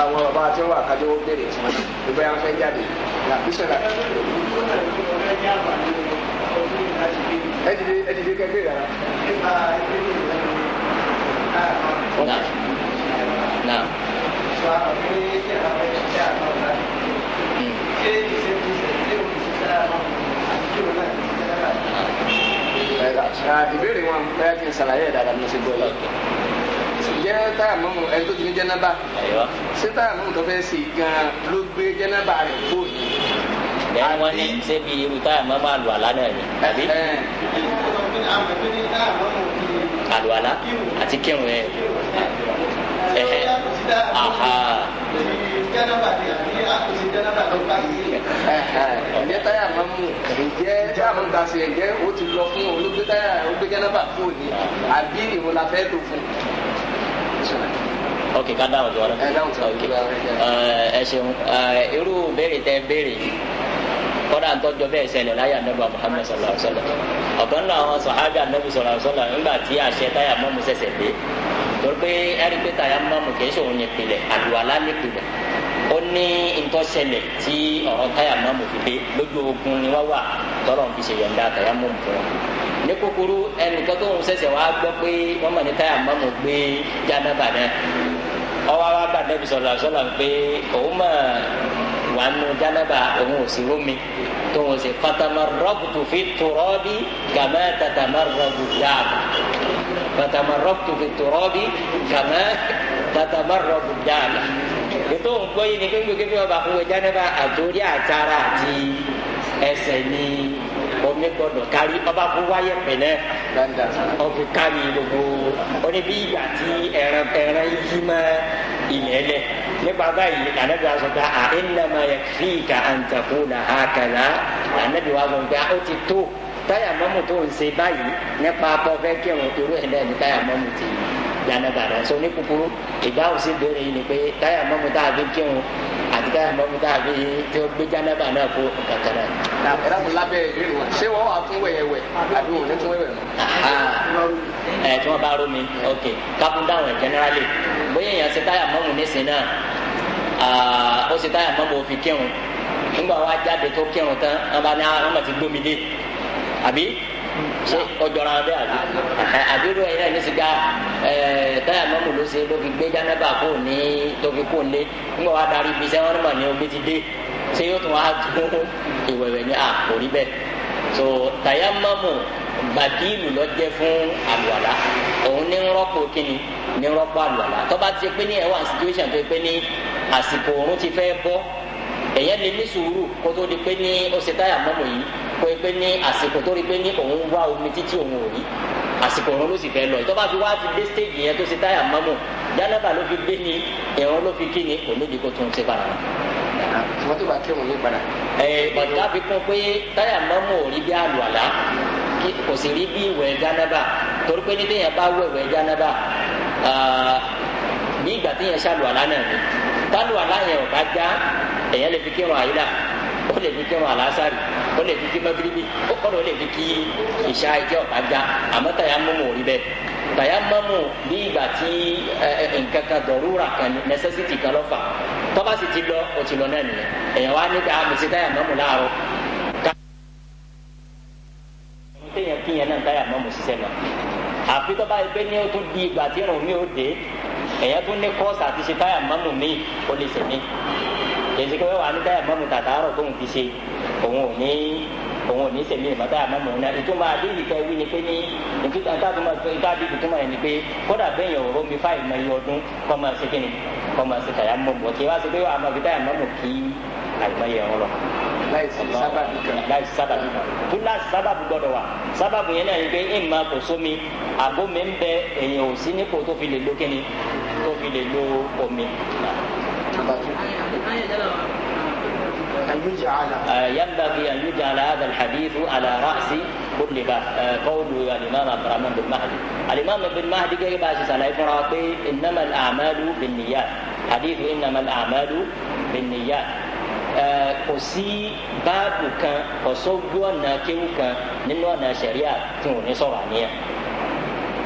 àwọn bàbá tí wọn àkájọ ó bèrè tí wọn bóyá fẹ́ jáde làbísọ̀rọ̀ ẹdìdì ẹdìdì kẹgbẹ rẹ. ìbéèrè wọn bẹ́ẹ̀ kí n ṣàlàyé ẹ̀ dáadáa ní ṣe gbọ́ yìí jẹ́ táàmù ẹni tó ti ní jẹ́nàbà ṣé táàmù tó fẹ́ sí gan ló gbé jẹ́nàbà rẹ̀ kó yìí. bẹ́ẹ̀ wọ́n ní ṣé bí irú táàmù máa lù àlá náà ni àbí àlùwàlá àti kírun ẹ ẹhẹ aha ǹjẹ́ táyà máa ń mú ǹjẹ́ táyà máa ń ta sí ẹ̀jẹ̀ ó ti lọ fún olóògbé táyà ó gbé jẹ́nàbà fún òní àbí ìwọ la fẹ́ lò fún. ok ká dáhùn tó wà lọ́wọ́ ok ẹ ṣeun irú béèrè tẹ béèrè kọ́dà ń tọ́jú bẹ́ẹ̀ ṣẹlẹ̀ láyà nígbà Muhammad sallallahu alayhi wa sallam ọ̀kan náà àwọn sọ̀hábì ànábì sọ̀rọ̀ sọ̀rọ̀ nígbà tí àṣẹ táyà mọ́mú sẹ̀sẹ̀ dé torí pé ẹ̀rí pé táyà mọ́mú kìí ṣòun ní ìpìlẹ̀ àlùwàlá ní ìpìlẹ̀ ó ní ntọ́sẹ̀lẹ̀ tí ọ̀rọ̀ táyà mọ́mú fi dé lójú ogun ni wọ́n wà tọ́lọ̀ fi ṣe yọ̀ǹda táyà mọ́mú fún wọn ní kúkúrú ẹnìkan tó ń sẹ̀sẹ̀ wá gbọ́ pé wọ́n mọ̀ ní táyà mọ́mú gbé jánábà náà ọwọ́ wa bá nẹ́bí sọ̀rọ̀ sọ̀rọ̀ pé òun mọ̀ wà nù jánábà òun ò sí lómi tó ń sè fatamarọ́kùtù fi tòrọ́bì gàmẹ́ tatamarọ́kù dáàbò fatamarọ́kùtù fi tòrọ́bì gàmẹ́ tatamarọ́kù dáàbò ètò òǹkọ́ yìí ni kékeré kékeré ọba fún wọ jánábà àtòrí àtàrà àti ẹsẹ̀ ní omi gbọdọ̀ kárí ọba fún wáyé pẹ̀lẹ́ ọ̀fi kárí gbogbo oní bí ìgbà tí ẹran ẹran yí mọ́ ilẹ̀ lẹ̀ nípa báyìí ànábi wa sọ pé à ẹnìnàmà yẹ fi ìka àǹtàkù là á kàlà ànábi wa sọ pé ó ti tó táyà mọ́mù tó ń ṣe báyìí nípa abọ́ fẹ́ kírun irú ẹ̀ náà táyà mọ́mù ti yànnà bàdà so ní kúkúrú ìdáhùn sí ìbéèrè yìí ni pé táyà mọ́mù tá a fi kírun àti ká mọ́mú tá a fi tí ó gbé jánábà náà kó kankan náà. ẹ̀rọ kò lábẹ́ ìlú wọn ṣé wọ́n wà fún wẹ̀yẹ̀wẹ̀ àbí wọn ò ní tún wẹ̀wẹ̀ mọ́. Ah. ẹ tí wọn bá rú mi ok kápún dáhùn ẹ jẹnẹrálì bóyá èèyàn ṣe táyà mọ́mú nísìn náà ah, ó ṣe táyà mọ́mú òfin kírun nígbà wá jáde tó kírun tán wọn bá ní àwọn ah, ọmọ ti gbómi dé àbí ṣé ọjọra bẹ àbí àbírú ẹyin náà ní sìgá táyà mọ́mù ló ṣe ló fi gbé jánábà kó ní tó kó lé nígbà wàá darí ibi sẹ́wọ́n nígbà ní omi ti dé ṣé yóò tún wá tún ìwẹ̀wẹ̀ ní àpò rí so táyà mọ́mù bàdíìlù lọ jẹ fún àlùwàlà òun ní rọ́pò kínní ní rọ́pò àlùwàlà tọ́ba ti pé ní ẹ̀wọ̀n situation tó pé ní àsìkò òun ti fẹ́ bọ́ èyẹ lè ní sùúrù kótó di pé ní ó ṣe táyà mọ́mù yìí kó e pé ní àsìkò tó rí pé ní òun wá omi títí òun ò rí àsìkò òun ló sì fẹ́ lọ ìtọ́ba fi wá fi dé stage yẹn tó ṣe táyà mọ́mọ́ jánábà ló fi gbé ní ẹ̀rọ ló fi kí ni kò lóde kó tún ṣe padà. wọ́n ti wá kírun ní padà. ẹ bàtà fi kún pé táyà mọ́mọ́ ò rí bí àlùalá kò sì rí bí ìwẹ̀ jánábà torí pé ní téèyàn bá wẹ̀wẹ̀ jánábà ní ìgbà téèyàn ṣàlùalá náà ni tálùalá yẹn ò bá já èèyàn lè fi kírun àyílà ó lè fi kírun àlásàrì ó lè fi kí magiribi ó kọ́dọ̀ ó lè fi kí ìṣá ìjẹ́ ọ̀tá gbá àmọ́ tàyà mọ́mọ́ ò rí bẹ́ẹ̀ tàyà mọ́mọ́ bí ìgbà tí nǹkan kan dọ̀rúra kan necessity kan lọ́fà tọ́ba sì ti lọ ó ti lọ náà nìyẹn èèyàn wá nígbà àmùsí tàyà mọ́mọ́ láàárọ̀ ká. téèyàn kíyàn náà tàyà mọ́mọ́ ṣiṣẹ́ lọ àfi tọ́ba ẹgbẹ́ ní o tún di ìgbà tí irun mi ò dé èèyàn tún ní kọ́ọ̀sì àti ṣe tàyà mọ́mọ́ mi ò lè ṣèmí èsì pé wà ní táyà mọ́mù tàtàárọ̀ tóun fi ṣe òun ò ní òun ò ní sèmi ìmọ̀ táyà mọ́mù náà ìtumọ̀ àdéhìí kẹ́ wí ni pé ní ìtumọ̀ tábí ìtumọ̀ yẹn pé kódà bẹ́yìn òró mi fáì mọ iye ọdún kọ́ máa ṣe kíni kọ́ máa ṣe tàyà mọ́mù ọ̀kì wá sí pé wà á máa fi táyà mọ́mù kí àìmọye ọ̀rọ̀ lọ láìsí sábàbù kan láìsí sábàbù yẹn náà ni pé ìmọ̀ kò sómi àbómi ń bẹ èèyàn ò sí nípò tó fi lè lo kíni tó fi lè lo omi. ينبغي أن يجعل هذا الحديث على رأس كل باب آه، قول الإمام عبد الرحمن بن مهدي الإمام بن مهدي جاي باسس على إنما الأعمال بالنيات حديث إنما الأعمال بالنيات kò آه، بابك báàbù kan kò sójú ọ̀nà kéwù kan nínú ọ̀nà ní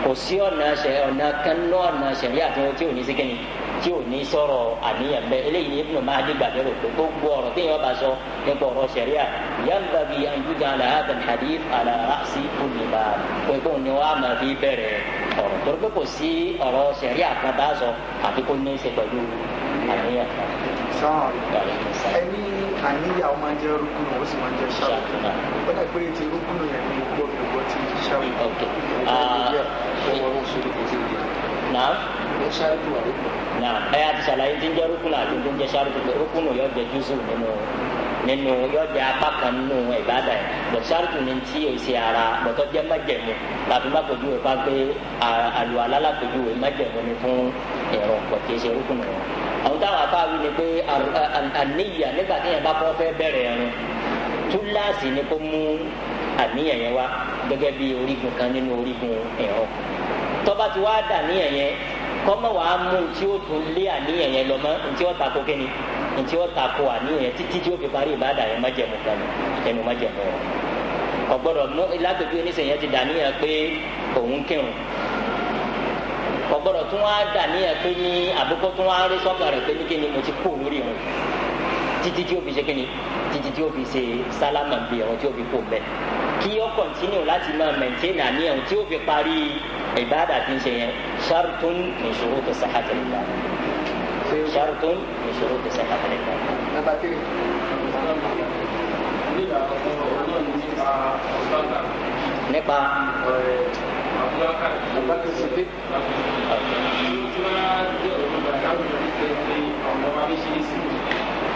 kò sí ọ̀nà ṣẹ ọ̀nà kanú ọ̀nà ṣẹ̀ríà tó tí ò ni ibùdó máa dé gbàgbé rò pé gbogbo ọ̀rọ̀ téèyàn bá sọ nípa ọ̀rọ̀ ṣẹ̀ríà yàgbà bí anjújà aláhàbẹ̀ hadith aláhàsí kùnìbà pé kóun ni wàá ah, máa fi bẹ̀rẹ̀ ọ̀rọ̀ torí pé kò sí ọ̀rọ̀ ṣẹ̀ríà kan bá sọ àfi kó ní í ṣe pẹ̀lú àníyàn kan. ẹni اوكي نعم نعم ẹyà ti ṣàlàyé tí ń jẹ rúkúnù àti tí ń jẹ ṣáàrùkù pé rúkúnù yóò jẹ jùsù nínú nínú yóò jẹ apá kan nínú ìbàdàn bọ ṣáàrùkù ni tí o ṣe ara bọtọ jẹ májẹ̀mú tàbí mákojú rẹ fà pé àlùwàlá lákojú rẹ májẹ̀mú ni fún ẹrọ pọ kì í ṣe rúkúnù rẹ àwọn táwọn afáwí ni pé àníyà nígbà tí yẹn bá fọ́ fẹ́ bẹ̀rẹ̀ ẹ̀rùn túláàsì ni kó mú àníyàn yẹn wá gẹ́gẹ́ bí orígun kan nínú orígun ẹ̀họ́ tọ́ba ti wá dà yẹn kọ́mọ wàá mú tí ó tún lé àníyàn yẹn lọ mọ́ ntí ó tako kíni ntí ó tako àníyàn yẹn títí tí ó fi parí ìbáda yẹn májẹ̀mú kan ní ẹnu májẹ̀mú wọn ọgbọdọ mú lágbègbè oníṣẹyìn ti dà pé òun kírun ọgbọdọ tún wá dà pé ní àbúkọ tún wá rí sọgbà rẹ pé ní kíni mo ti kú lórí wọn títí tí ó fi ṣe kí ni títí tí ó fi ṣe sálámà bíi ọ̀rọ̀ tí ó fi kó mbẹ́ kí ó kọ̀ntínú láti máa mẹ̀ntẹ́n àníyàn tí ó fi parí ìbáàdà tí ń ṣe yẹn ṣàrùtún ìṣòro tó sàkàtà ìgbà ṣàrùtún ìṣòro tó sàkàtà ìgbà. nípa Thank you.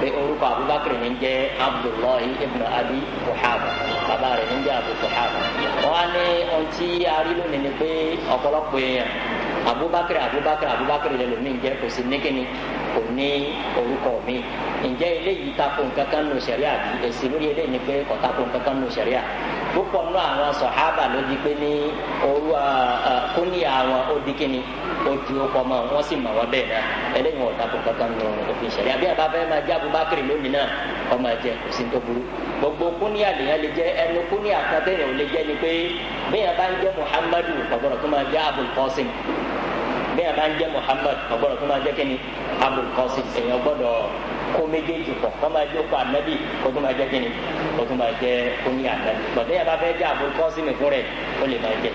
pé orúkọ abubakar ní jẹ́ abdullahi ibn abi buhaba bàbá rẹ̀ ní jẹ́ abu buhaba wọ́n á ní ohun tí a rí lónìí ni pé ọ̀pọ̀lọpọ̀ èèyàn abubakar abubakar abubakar lẹ́nu mi jẹ́ kò sí níkíni kò ní orúkọ mi ǹjẹ́ eléyìí tako nǹkan kan nù sẹ̀ríà bí èsì lórí eléyìí ni pé kò tako nǹkan kan nù púpọ̀ nínú àwọn sọ̀hábà ló di pé ní orú kúnìyà àwọn odikini ojú ọkọ̀ mọ́ wọ́n sì mọ̀ wọ́n bẹ́ẹ̀ náà ẹlẹ́yìn ọ̀dà kò kankan nù òfin ṣẹlẹ̀ àbí àbáfẹ́ máa jẹ́ abubakar lónìí náà ọmọ ẹ̀jẹ̀ kò sí tó burú gbogbo kúnìyà lèyàn lè jẹ́ ẹnu kúnìyà kan tẹ̀yìn ò lè jẹ́ ni pé bẹ́ẹ̀ bá ń jẹ́ muhammadu ọ̀gbọ́dọ̀ tó máa jẹ́ abul bẹ́ẹ̀ bá ń jẹ́ muhammadu ọ̀gbọ́dọ̀ tó máa jẹ́ kíni abul qasim gbọ́dọ̀ kó méjèèjì pọ̀ kọ́ máa jókòó ànábì kó tó máa jẹ́ kíni kó tó máa jẹ́ oní ànábì bọ̀dé yàrá fẹ́ jẹ́ àbò kọ́sìmì fún rẹ̀ ó lè máa jẹ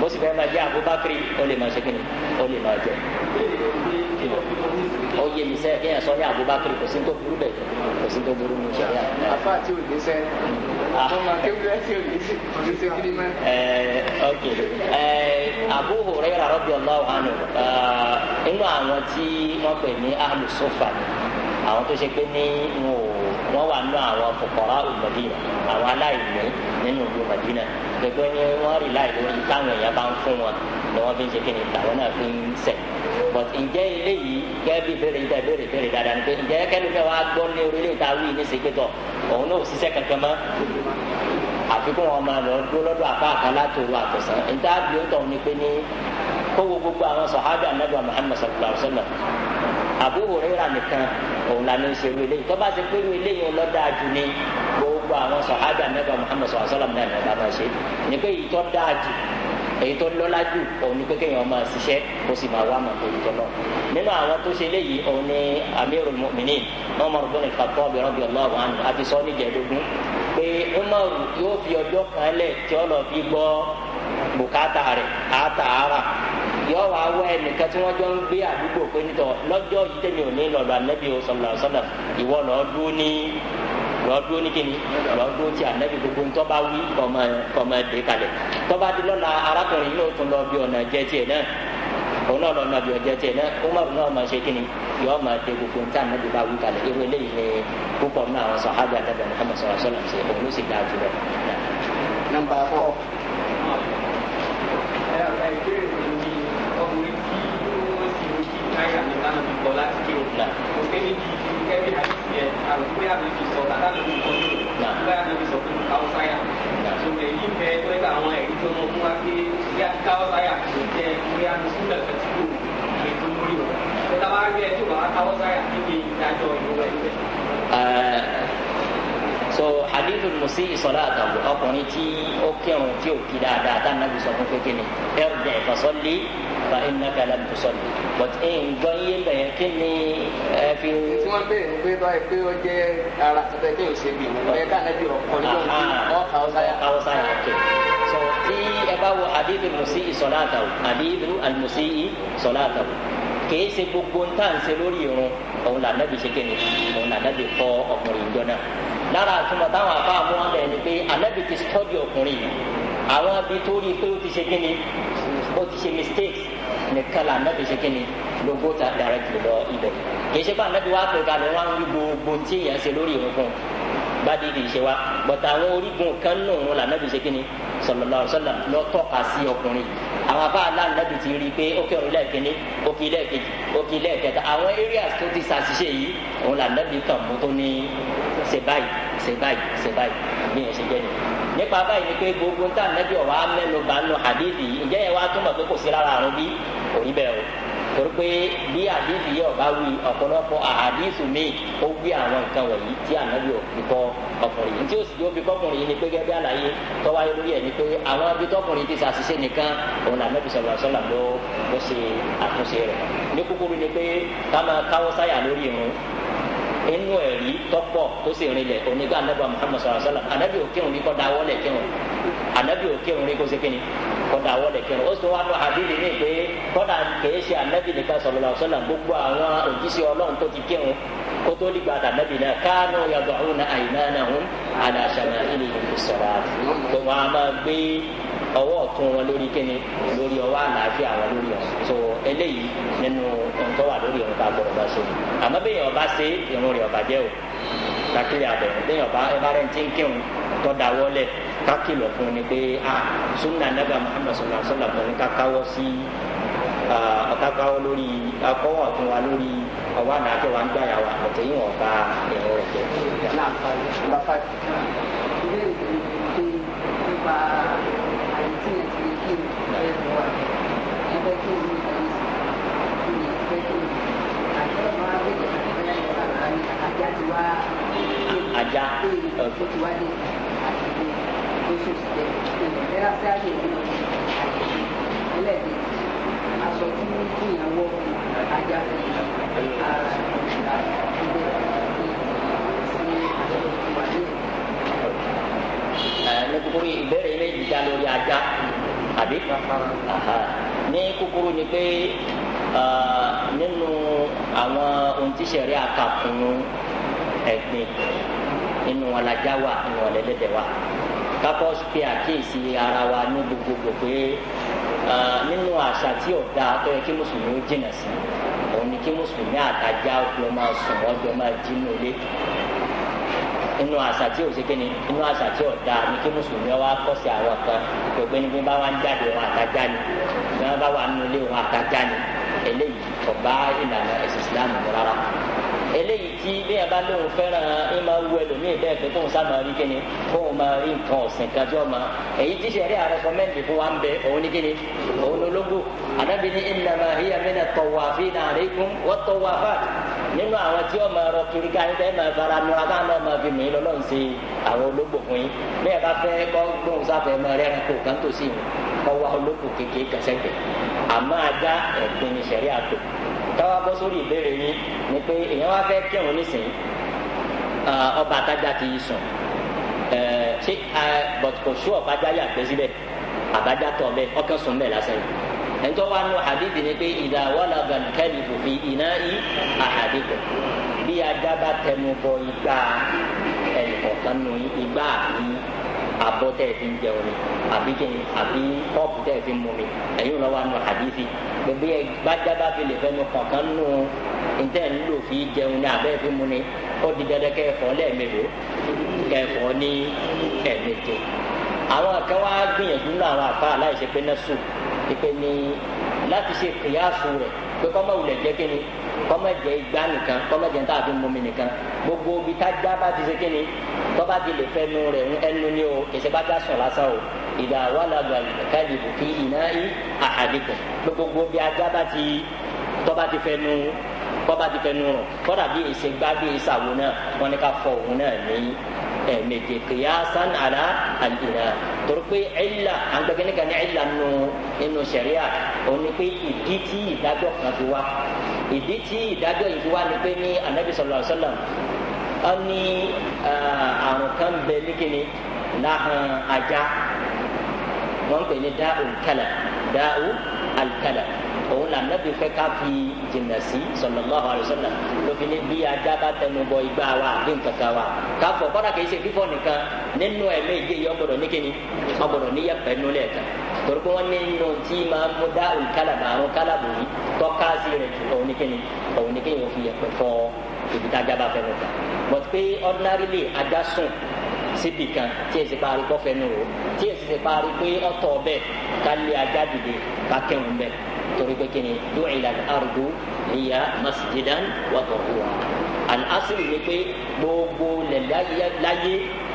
bó sì fẹ́ máa jẹ́ àbò bákiri ó lè máa ṣe kíni ó lè máa jẹ. ó yé mi sẹ́ kéèyàn sọ ní àbò bákiri kò sí tó burú bẹ̀ kò sí tó burú mi sọ yà. àfa àti òde sẹ́ ah. ọmọ akéwìrẹ́ àti òde sí kiri mẹ́. ẹ ok ẹ eh, Abu Hurairah radiyallahu anhu ah, inú àwọn tí wọ́n pè ní ahlu àwọn tó ṣe pé ní wọn wà nù àwọn fòkọrọ Madina àwọn aláìní nínú ìlú Madina gbẹgbẹ ni wọn rí láì lórí táwọn èèyàn bá ń fún wọn ni wọn fi ń ṣe kí ni tàwọn náà fi ń sẹ but ǹjẹ́ eléyìí gẹ́bí béèrè ìdá béèrè béèrè dáadáa ni pé ǹjẹ́ kẹ́lifẹ̀ wa gbọ́ ní orílẹ̀ èdè awí ní sèkétọ̀ òun náà ò ṣiṣẹ́ kankan mọ́ àfikún wọn máa lọ dúró lọ́dọ̀ apá àkàlà tòru àtọ̀sán ìta bí ó tọ̀ ní pé ní kó gbogbo àwọn sọ̀hábì anábìà Muhammad sallallahu alayhi wa sallam Abu Hurairah nìkan òun la ní í ṣe irú tó bá ti pé irú eléyìí ọlọ́dà jù ní gbogbo àwọn sọ̀hábà nẹ́bà muhammed sọ̀rọ̀ sọ́lá náà ní máa ṣe ni pé èyí tó dáa jù èyí tó lọ́la jù òun ni pé kéèyàn máa ṣiṣẹ́ kó sì máa wá máa tó ìtọ́ náà nínú àwọn tó ṣe léyìí òun ni amirul mu'minin umar bin al-khattab radiyallahu anhu àti sọ́ọ́nì jẹ̀dógún pé umar yóò fi ọjọ́ kan lẹ̀ yọ wá wá ẹnìkan tí wọ́n jọ ń gbé àdúgbò pé nítọ̀ lọ́jọ́ yìí tẹ̀mí ò ní lọ́dọ̀ anabi sọ̀lọ̀ sọ̀lọ̀ ìwọ lọ́ọ́ dúró ní lọ́ọ́ dúró ní kíni lọ́ọ́ dúró ti anabi gbogbo ńtọ́ bá wí kọ́mọ kọ́mọ dé kalẹ̀ tọ́ba di lọ́la arákùnrin yóò tún lọ bí ọ̀nà jẹ́ tiẹ̀ náà òun náà lọ nàbí ọjọ tiẹ náà umaru náà máa ṣe kíni yọọ máa de gbogbo nta nàbí bá wí kalẹ irú eléyìí ni púpọ̀ náà àwọn sọ̀hábì àtàbí àmì àwọn ìwé àbẹ̀bí sọ bàtà lórí ìkọ́jú ìwé àbẹ̀bí sọ fún káwọ́sáyà ṣùgbọ́n èyí ń bẹ pé àwọn ẹ̀rí tó mọ fún wa pé ìwé káwọ́sáyà kò jẹ́ ìwé àbẹ̀sílẹ̀ fẹ́tíkù ètò lórí wọn. ìta bá rí ẹjọ́ bàbá káwọ́sáyà níbi ìdájọ́ ìwé ẹgbẹ́. so hadith musi isola atabu fa innaka lam tusalli but ẹ ń gbọ́ iye bẹ̀yẹn kí ni ẹ fi. tí wọ́n bèrè ń gbé báyìí pé ó jẹ́ ara ẹgbẹ́ tí ò ṣe bì ọ̀yẹ́ káàdì ọkọ̀ ní ọkà ọ̀sáyà. ọkà ọ̀sáyà So, ti, tí ẹ bá wọ àdébì mùsí ìsọ̀láàtà o àdébì àlùmùsí ìsọ̀láàtà o kìí ṣe gbogbo ń tàn ṣe lórí irun òun làdábì ṣe kéde òun làdábì kọ ọkùnrin ìjọ náà lára àtúmọ̀ táwọn àbá mú wọn bẹ̀ ni pé àdábì ti sọ́ọ̀dì ọkùnrin yìí àwọn abi tó rí pé ó ti ṣe kéde ó ti ṣe mistakes nìkan là nàbì ṣe kíni lógo ta dara jù lọ ibẹ̀ kì í ṣe pé ànábi wàá pè kalẹ̀ wọn wí gbogbo tí èèyàn ṣe lórí ìrun gbadi di ṣe wa bọ̀tà àwọn orígun kan nù ún là nàbì ṣe kíni sallallahu alaihi wasallam lọ tọ́ka sí ọkùnrin àwọn afa alánàbì ti rí i pé ó kẹrù lẹ́ẹ̀kínní ó kì í lẹ́ẹ̀kejì ó kì í àwọn areas tó ti ṣàṣìṣe yìí òun là nàbì kàn mú tó ní ṣe báyìí ṣe báyìí ṣe báyìí bí yẹn ṣe jẹ́ nìyẹn nípa báyìí ni pé gbogbo ń tà nẹ́bí ọ̀wá mẹ́nu bá hadithi yìí yẹn wá túmọ̀ pé kò sí rárá àrùn bí òrí bẹ́ẹ̀ o torí pé bí hadithi yìí ọba wí ọ̀pọ̀lọpọ̀ àhadithu mi ó wí àwọn nǹkan wọ̀nyí tí ànábì òfin kọ́ ọkùnrin yìí tí ó sì di òfin kọkùnrin yìí ni pé gẹ́gẹ́ àlàyé tọ́wáyé lórí ẹ̀ ni pé àwọn ibi tọkùnrin ti ṣàṣìṣe nìkan òun là nẹ́bí sọ̀rọ̀ sọ́là ló ṣe àtúnṣe rẹ̀ ní kúkúrú ni pé ká máa káwọ́ sáyà lórí irun inú ẹ̀rí tọ́pọ̀ tó sì rinlẹ̀ onígbà anábì muhammad sallallahu alayhi wa sallam anábì òkèrún ní kọ́ da wọlé kírun anábì òkèrún ní kó ṣe kíni kọ́ da wọlé kírun ó sì wá lọ àdìrí ní pé kọ́dà kìí ṣe anábì nìkan sallallahu alayhi wa sallam gbogbo àwọn òjíṣẹ́ ọlọ́run tó ti kírun kó tó dìgbà anábì náà kánú yàgò àwọn àyìnbá náà hùn àdàṣàmà ìlú ìsọ̀rọ̀ àti ọwọ́ ọ̀tún wọn lórí kíni lórí ọwọ́ àlàáfíà wọn lórí ọ̀hún so eléyìí nínú ohun tó wà lórí ọ̀hún tá a gbọ́dọ̀ bá ṣe àmọ́ bẹ́ẹ̀ ọba ṣe irun rẹ̀ ọba jẹ́ o kakiri abẹ bẹ́ẹ̀ ọba ẹba rẹ̀ ti ń kírun tó dáwọ́ lẹ̀ kákìlọ̀ fún ni pé a sunna anabi muhammad sallallahu alaihi wa sallam ní kakawọ́ sí kakawọ́ lórí akọ́wọ́ ọ̀tún wa lórí ọwọ́ àlàáfíà wa ń gbàyà àtẹ̀yìn ọba já. aṣọ tí wọ́n fún ìyàwó ajá fún ara ní kúkúrú ìbéèrè méjì dá lórí ajá àbí ní kúkúrú ni pé nínú àwọn ohun tí sẹ̀rí àkàkùn ẹ̀gbìn inú wọn lajá wà inú wọn lẹ́lẹ́dẹ̀ wà kakọ́ pe àkíyèsí ara wa ní gbogbogbò pé nínú àṣà tí ọ̀dà tó yẹ kí mùsùlùmí ó jìnà sí òun ni kí mùsùlùmí àtajá ọjọ́ máa sùn ọjọ́ máa jí ní ilé inú àṣà tí ò ṣe kí ni inú àṣà tí ò dáa ni kí mùsùlùmí wa kọ́ àwọn kan gbogbo ẹni bí bá wà ń jáde wọn àtajà ni bí wọ́n bá wà nínú ilé wọn àtajà ni eléyìí ọba ìlànà ẹ̀sìn Islam rárá eléyìí tí bẹ́ẹ̀ bá lóun fẹ́ràn ẹ máa wú ẹlòmíì bẹ́ẹ̀ pé kóun sá máa rí kíni kóun máa rí nǹkan ọ̀sìn kájọ́ ma èyí tí sẹ́rí àrẹ́kọ́mẹ́ǹdì fún wa ń bẹ òun ní kíni òun ológo ànábi ní ìnàmà hiya mina tawafin alaykum wa tawafat nínú àwọn tí wọn máa rọ kiri ká ẹ máa fara nura ká náà máa fi mìíràn lọ́n sí àwọn ológbò fún yín bẹ́ẹ̀ bá fẹ́ kọ́ gbóhùn sáfẹ́ máa rẹ́ ẹranko kan tó sí yín kọ́ wa ológbò kékeré kẹsẹ́gbẹ̀ àmọ́ ajá ẹ̀gbin ni sẹ́rí táwa bọ́ sórí ìbéèrè yín ni pé èèyàn wá fẹ́ kírun nísìnyí ọba àtajà ti sùn ṣé but kò sú ọ̀pá jáyà gbé síbẹ̀ àbájá tọ̀ bẹ́ẹ̀ ọkàn sùn bẹ́ẹ̀ lásán yìí ẹnitọ́ wa nù hadithi ni pé ìdá wàlà gànkẹ́lì fòfin iná yìí àhàdìkọ̀ bí ajá bá tẹnu bọ igbá ẹnìkọ̀ọ̀kan nù igbá yìí abọ́ tẹ́ ẹ fi ń jẹun ni àbí kí ni àbí kọ́ọ̀pù tẹ́ ẹ fi ń mu mi ẹ̀yin ló wà nù àdìsí gbogbo ẹ bájá bá fi lè fẹ́ nu kọ̀ọ̀kan nù ntẹ́ ń lò fi jẹun ni àbẹ́ fi mu ni ó di dandan kẹ́ ẹ fọ́ lẹ́ẹ̀mẹ́lò kẹ́ ẹ fọ́ ní ẹ̀ẹ̀mẹ́jẹ. àwọn kan wá gbìyànjú náà àwọn àfa aláìsẹ pé náà sùn pé ní láti ṣe kìyàsù rẹ̀ pé kọ́mọ̀wulẹ̀ jẹ́ kí ni kọ́mọ̀jẹ́ igbá nìkan kọ́mọ̀jẹ́ níta àfi mumi nìkan gbogbo ibi tájá bá ti ṣe kí ni tọ́ba ti lè fẹ́ nu rẹ̀ ẹnu ni o kìí ṣe bá já sùn lásán o ìdá wàlágbà kálíbù fi iná yí àhàdìkù gbogbo bí ajá bá ti tọ́ba ti fẹ́ nu tọ́ba ti fẹ́ nu rùn kọ́dà bí èsè gbá bí náà wọ́n ní ká fọ òun náà ní ẹ̀ẹ̀mejì kìyàsán àlá àlìlà torí pé ẹ̀là àgbẹ̀kẹ́ni kan ní ẹ̀là nù nínú sẹ̀ríà òun ìdí tí ìdájọ́ kan fi wá ìdí tí ìdájọ́ yìí fi wá ni pé ní anabi sọlọ sọlọ ọ ní àrùn kan bẹ níkíni láhàn ajá wọn pè ní dáhù kálá dáhù alikálá òun là nàbì fẹ́ ká fi jìnnà sí sallallahu alaihi wasallam lófin ní bí ajá bá tẹnu bọ igbá wa àbí nǹkankan wa ká fọ kọ́dà kìí ṣe fífọ́ nìkan nínú ẹ̀mí ìdí yìí ọgbọ́dọ̀ níkíni ọgbọ́dọ̀ níyàpẹ̀ nulẹ̀ kan torí pé wọ́n ní inú tí máa mú dáhùn kálàbà àrùn kálàbà yìí tọ́ka sí rẹ̀ jù òun ní kíni òun ní kíni òfin yẹpẹ̀ fọ ibi tájà bá fẹ́ lọ́ta but pé ordinarily ajá sùn síbì kan tí èsì parí kọ́ nù o tí èsì parí pé ọ̀tọ̀ bẹ́ẹ̀ ká ajá dìde ká kẹ́hùn torí pé kíni dùn ìlànà àrùdù ìyá masjidan wàtọ̀ òwò àní asiri ni pé gbogbo lẹ́láyé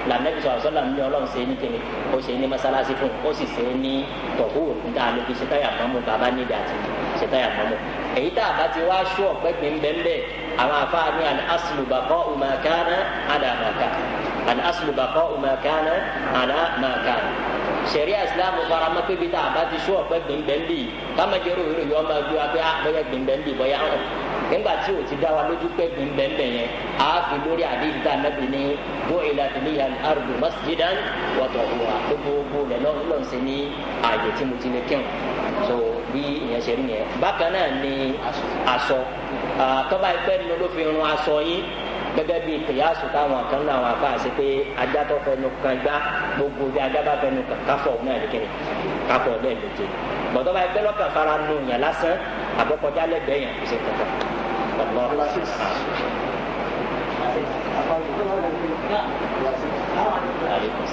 lànàbí sọ̀rọ̀ sọ́lá ní ọlọ́run ṣe ní kíni ó ṣe ní mọ́sálásí fún ó sì ṣe ní tọ̀kú òkun tá a lè fi ṣètáyà mọ́mú bàbá níbi àti ṣètáyà mọ́mú. èyí tá a bá ti wá ṣú ọ̀pẹ́ pé ń bẹ́ẹ̀ àwọn afáà ní asiri bàbá umakana adamaka àní asiri bàbá umakana adamaka sẹ̀ríà islam farama pé bí tá a bá ti ṣú ọ̀pẹ́ pé ń bẹ́ẹ̀ bíi kámẹ́jẹ́rò yóò yọ ọmọ ẹgbẹ́ wa pé ah, nígbà tí o ti dá wa lójú pé gbìn bẹ́ẹ̀ yẹn a fi lórí àdéhùn tá a nàbì ní bó ilà tìlí ya ardu masjidan wàtò wà gbogbo lẹ lọ́n ṣe ní àyè tí mo ti lè kẹ́hùn so bí ìyẹn ṣe rí yẹn bákan náà ni aṣọ tọ́ba ẹgbẹ́ nínú ló fi rún aṣọ yín gẹ́gẹ́ bíi kìyàsù táwọn kan náà wà fà sí pé ajá tó fẹnu kan gbá gbogbo bí ajá bá fẹnu kan káfọ̀ náà ní kíni àbọ̀kọjá lẹ́gbẹ̀ẹ́ yàn kò sí kankan. Alaikum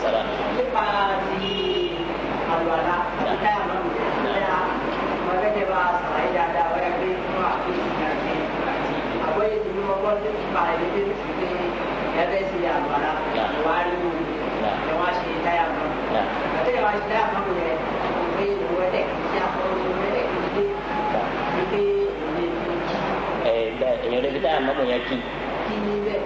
salam. Nípa ti àlùwàlá àti táyà náà ẹ̀dá mọ̀lẹ́dẹ̀ bá sàlàyé dáadáa wáyé pé wọ́n á fi ìgbà sí àbọ̀ èyí ni wọ́n gbọ́dọ̀ ti pa ẹ̀dẹ́ bí ti fi ẹ̀fẹ́ sí àlùwàlá ìwádìí ẹ̀wọ̀n á ṣe táyà náà. Àti ẹ̀wọ̀n èèyàn débi táyà mọ́mọ́ yẹn kí. kí ni kí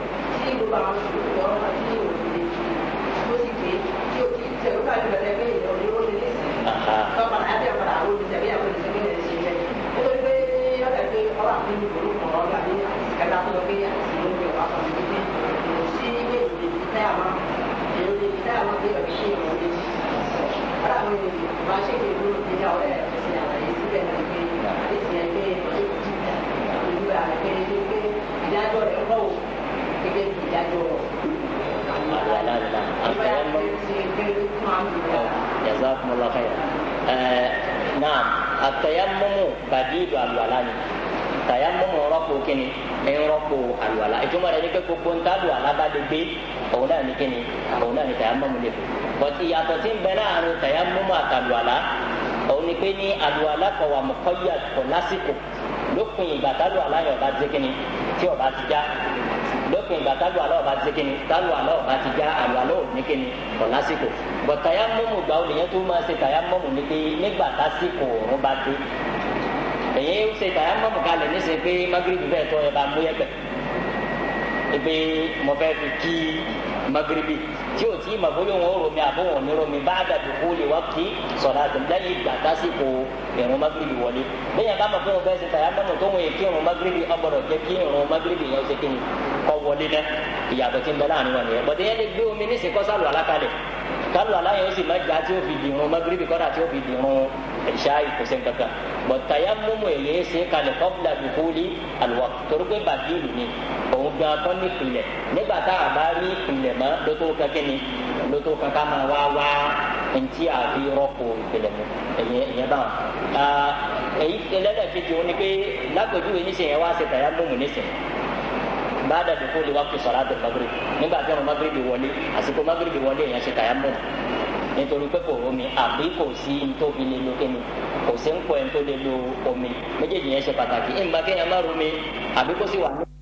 ó sì jazakumullahu khairan ɛɛ eh, naam atayamumu badidu alwala ni tayamumu rọ́pò kini ni rọ́pò alwala ìtumọ̀ rẹ̀ ni pé gbogbo ń tàbí alaba de gbé òun náà ni kini òun náà ni tayamumu de bọ́tí yàtọ̀ tí ń bẹ láàrin tayamumu àtàlwala òun ni pé ní alwala kọ̀ wà mọ̀kọ́yà kọ̀ lásìkò lópin ìgbà tàbí alaya ọba jẹ́ kini tí ọba ti já lópin ìgbà tálù àlọ́ ọba ti ṣe kíni tálù àlọ́ ọba ti já àlọ́ àlọ́ òní kíni kọ̀ lásìkò bọ̀ tàyà mọ́mù gbà olè yẹn tó máa ṣe tàyà mọ́mù ni pé nígbà tásìkò òun bá dé èyí ó ṣe tàyà mọ́mù kalẹ̀ ní ṣe magrebi bẹ́ẹ̀ tọ́ ẹ bá mú yẹ pé mo fẹ́ fi kí Magribi, tí o ti mọ̀ bóyá òun ò romi àbó òun ní romi bá dàbí kó lè wá kí sọ̀rọ̀ àti lẹ́yìn ìgbà tásìkò ìrun magrebi wọlé lẹ́yìn àbá mọ̀ pé òun fẹ́ẹ́ ṣe tàyà mọ́nù tó ń yẹ kí ìrun magrebi ọgbọ̀dọ̀ jẹ́ kí ìrun magrebi yẹn ṣe kí ni kọ́ wọlé náà ìyàtọ̀ ti ń bẹ láàrin wọn nìyẹn bọ̀dé yẹn lè gbé omi níṣẹ́ kọ́sálù alákalẹ̀ kálù aláyẹ̀ ó sì má já tí ó fi dìrun magrebi kọ́dà tí ó fi dìrun ẹ̀ṣá ìkọsẹ̀ kankan bọ̀tayá mímú èlé ṣe kalẹ̀ kọ́bùlà dùkúlì àlùwà torí pé ni òun gan kọ́ ní ìpìlẹ̀ nígbà tá a bá rí ìpìlẹ̀ mọ́ lótó kankan ni lótó kankan máa wá wá ntí àfi rọ́pò ìpìlẹ̀ mu ẹ̀yẹ bá wọn. èyí ẹlẹ́dàkejì òun ni pé lápèjúwe níṣẹ́ yẹn wá ṣe tayá mímú níṣẹ́ báadà dùkú lè wá kí sọ̀rọ̀ àti magre nígbà tí ọ̀rọ̀ magre bi wọlé àsìkò magre bi wọlé èèyàn ṣe kàyà mọ́ nítorí pé kò omi àbí kò sí ntóbi lè lo kíni kò sí ń pọ̀ ẹ̀ lè lo omi méjèèjì yẹn ṣe pàtàkì ìmọ̀ kéèyàn má romi àbí kó sì wà ní.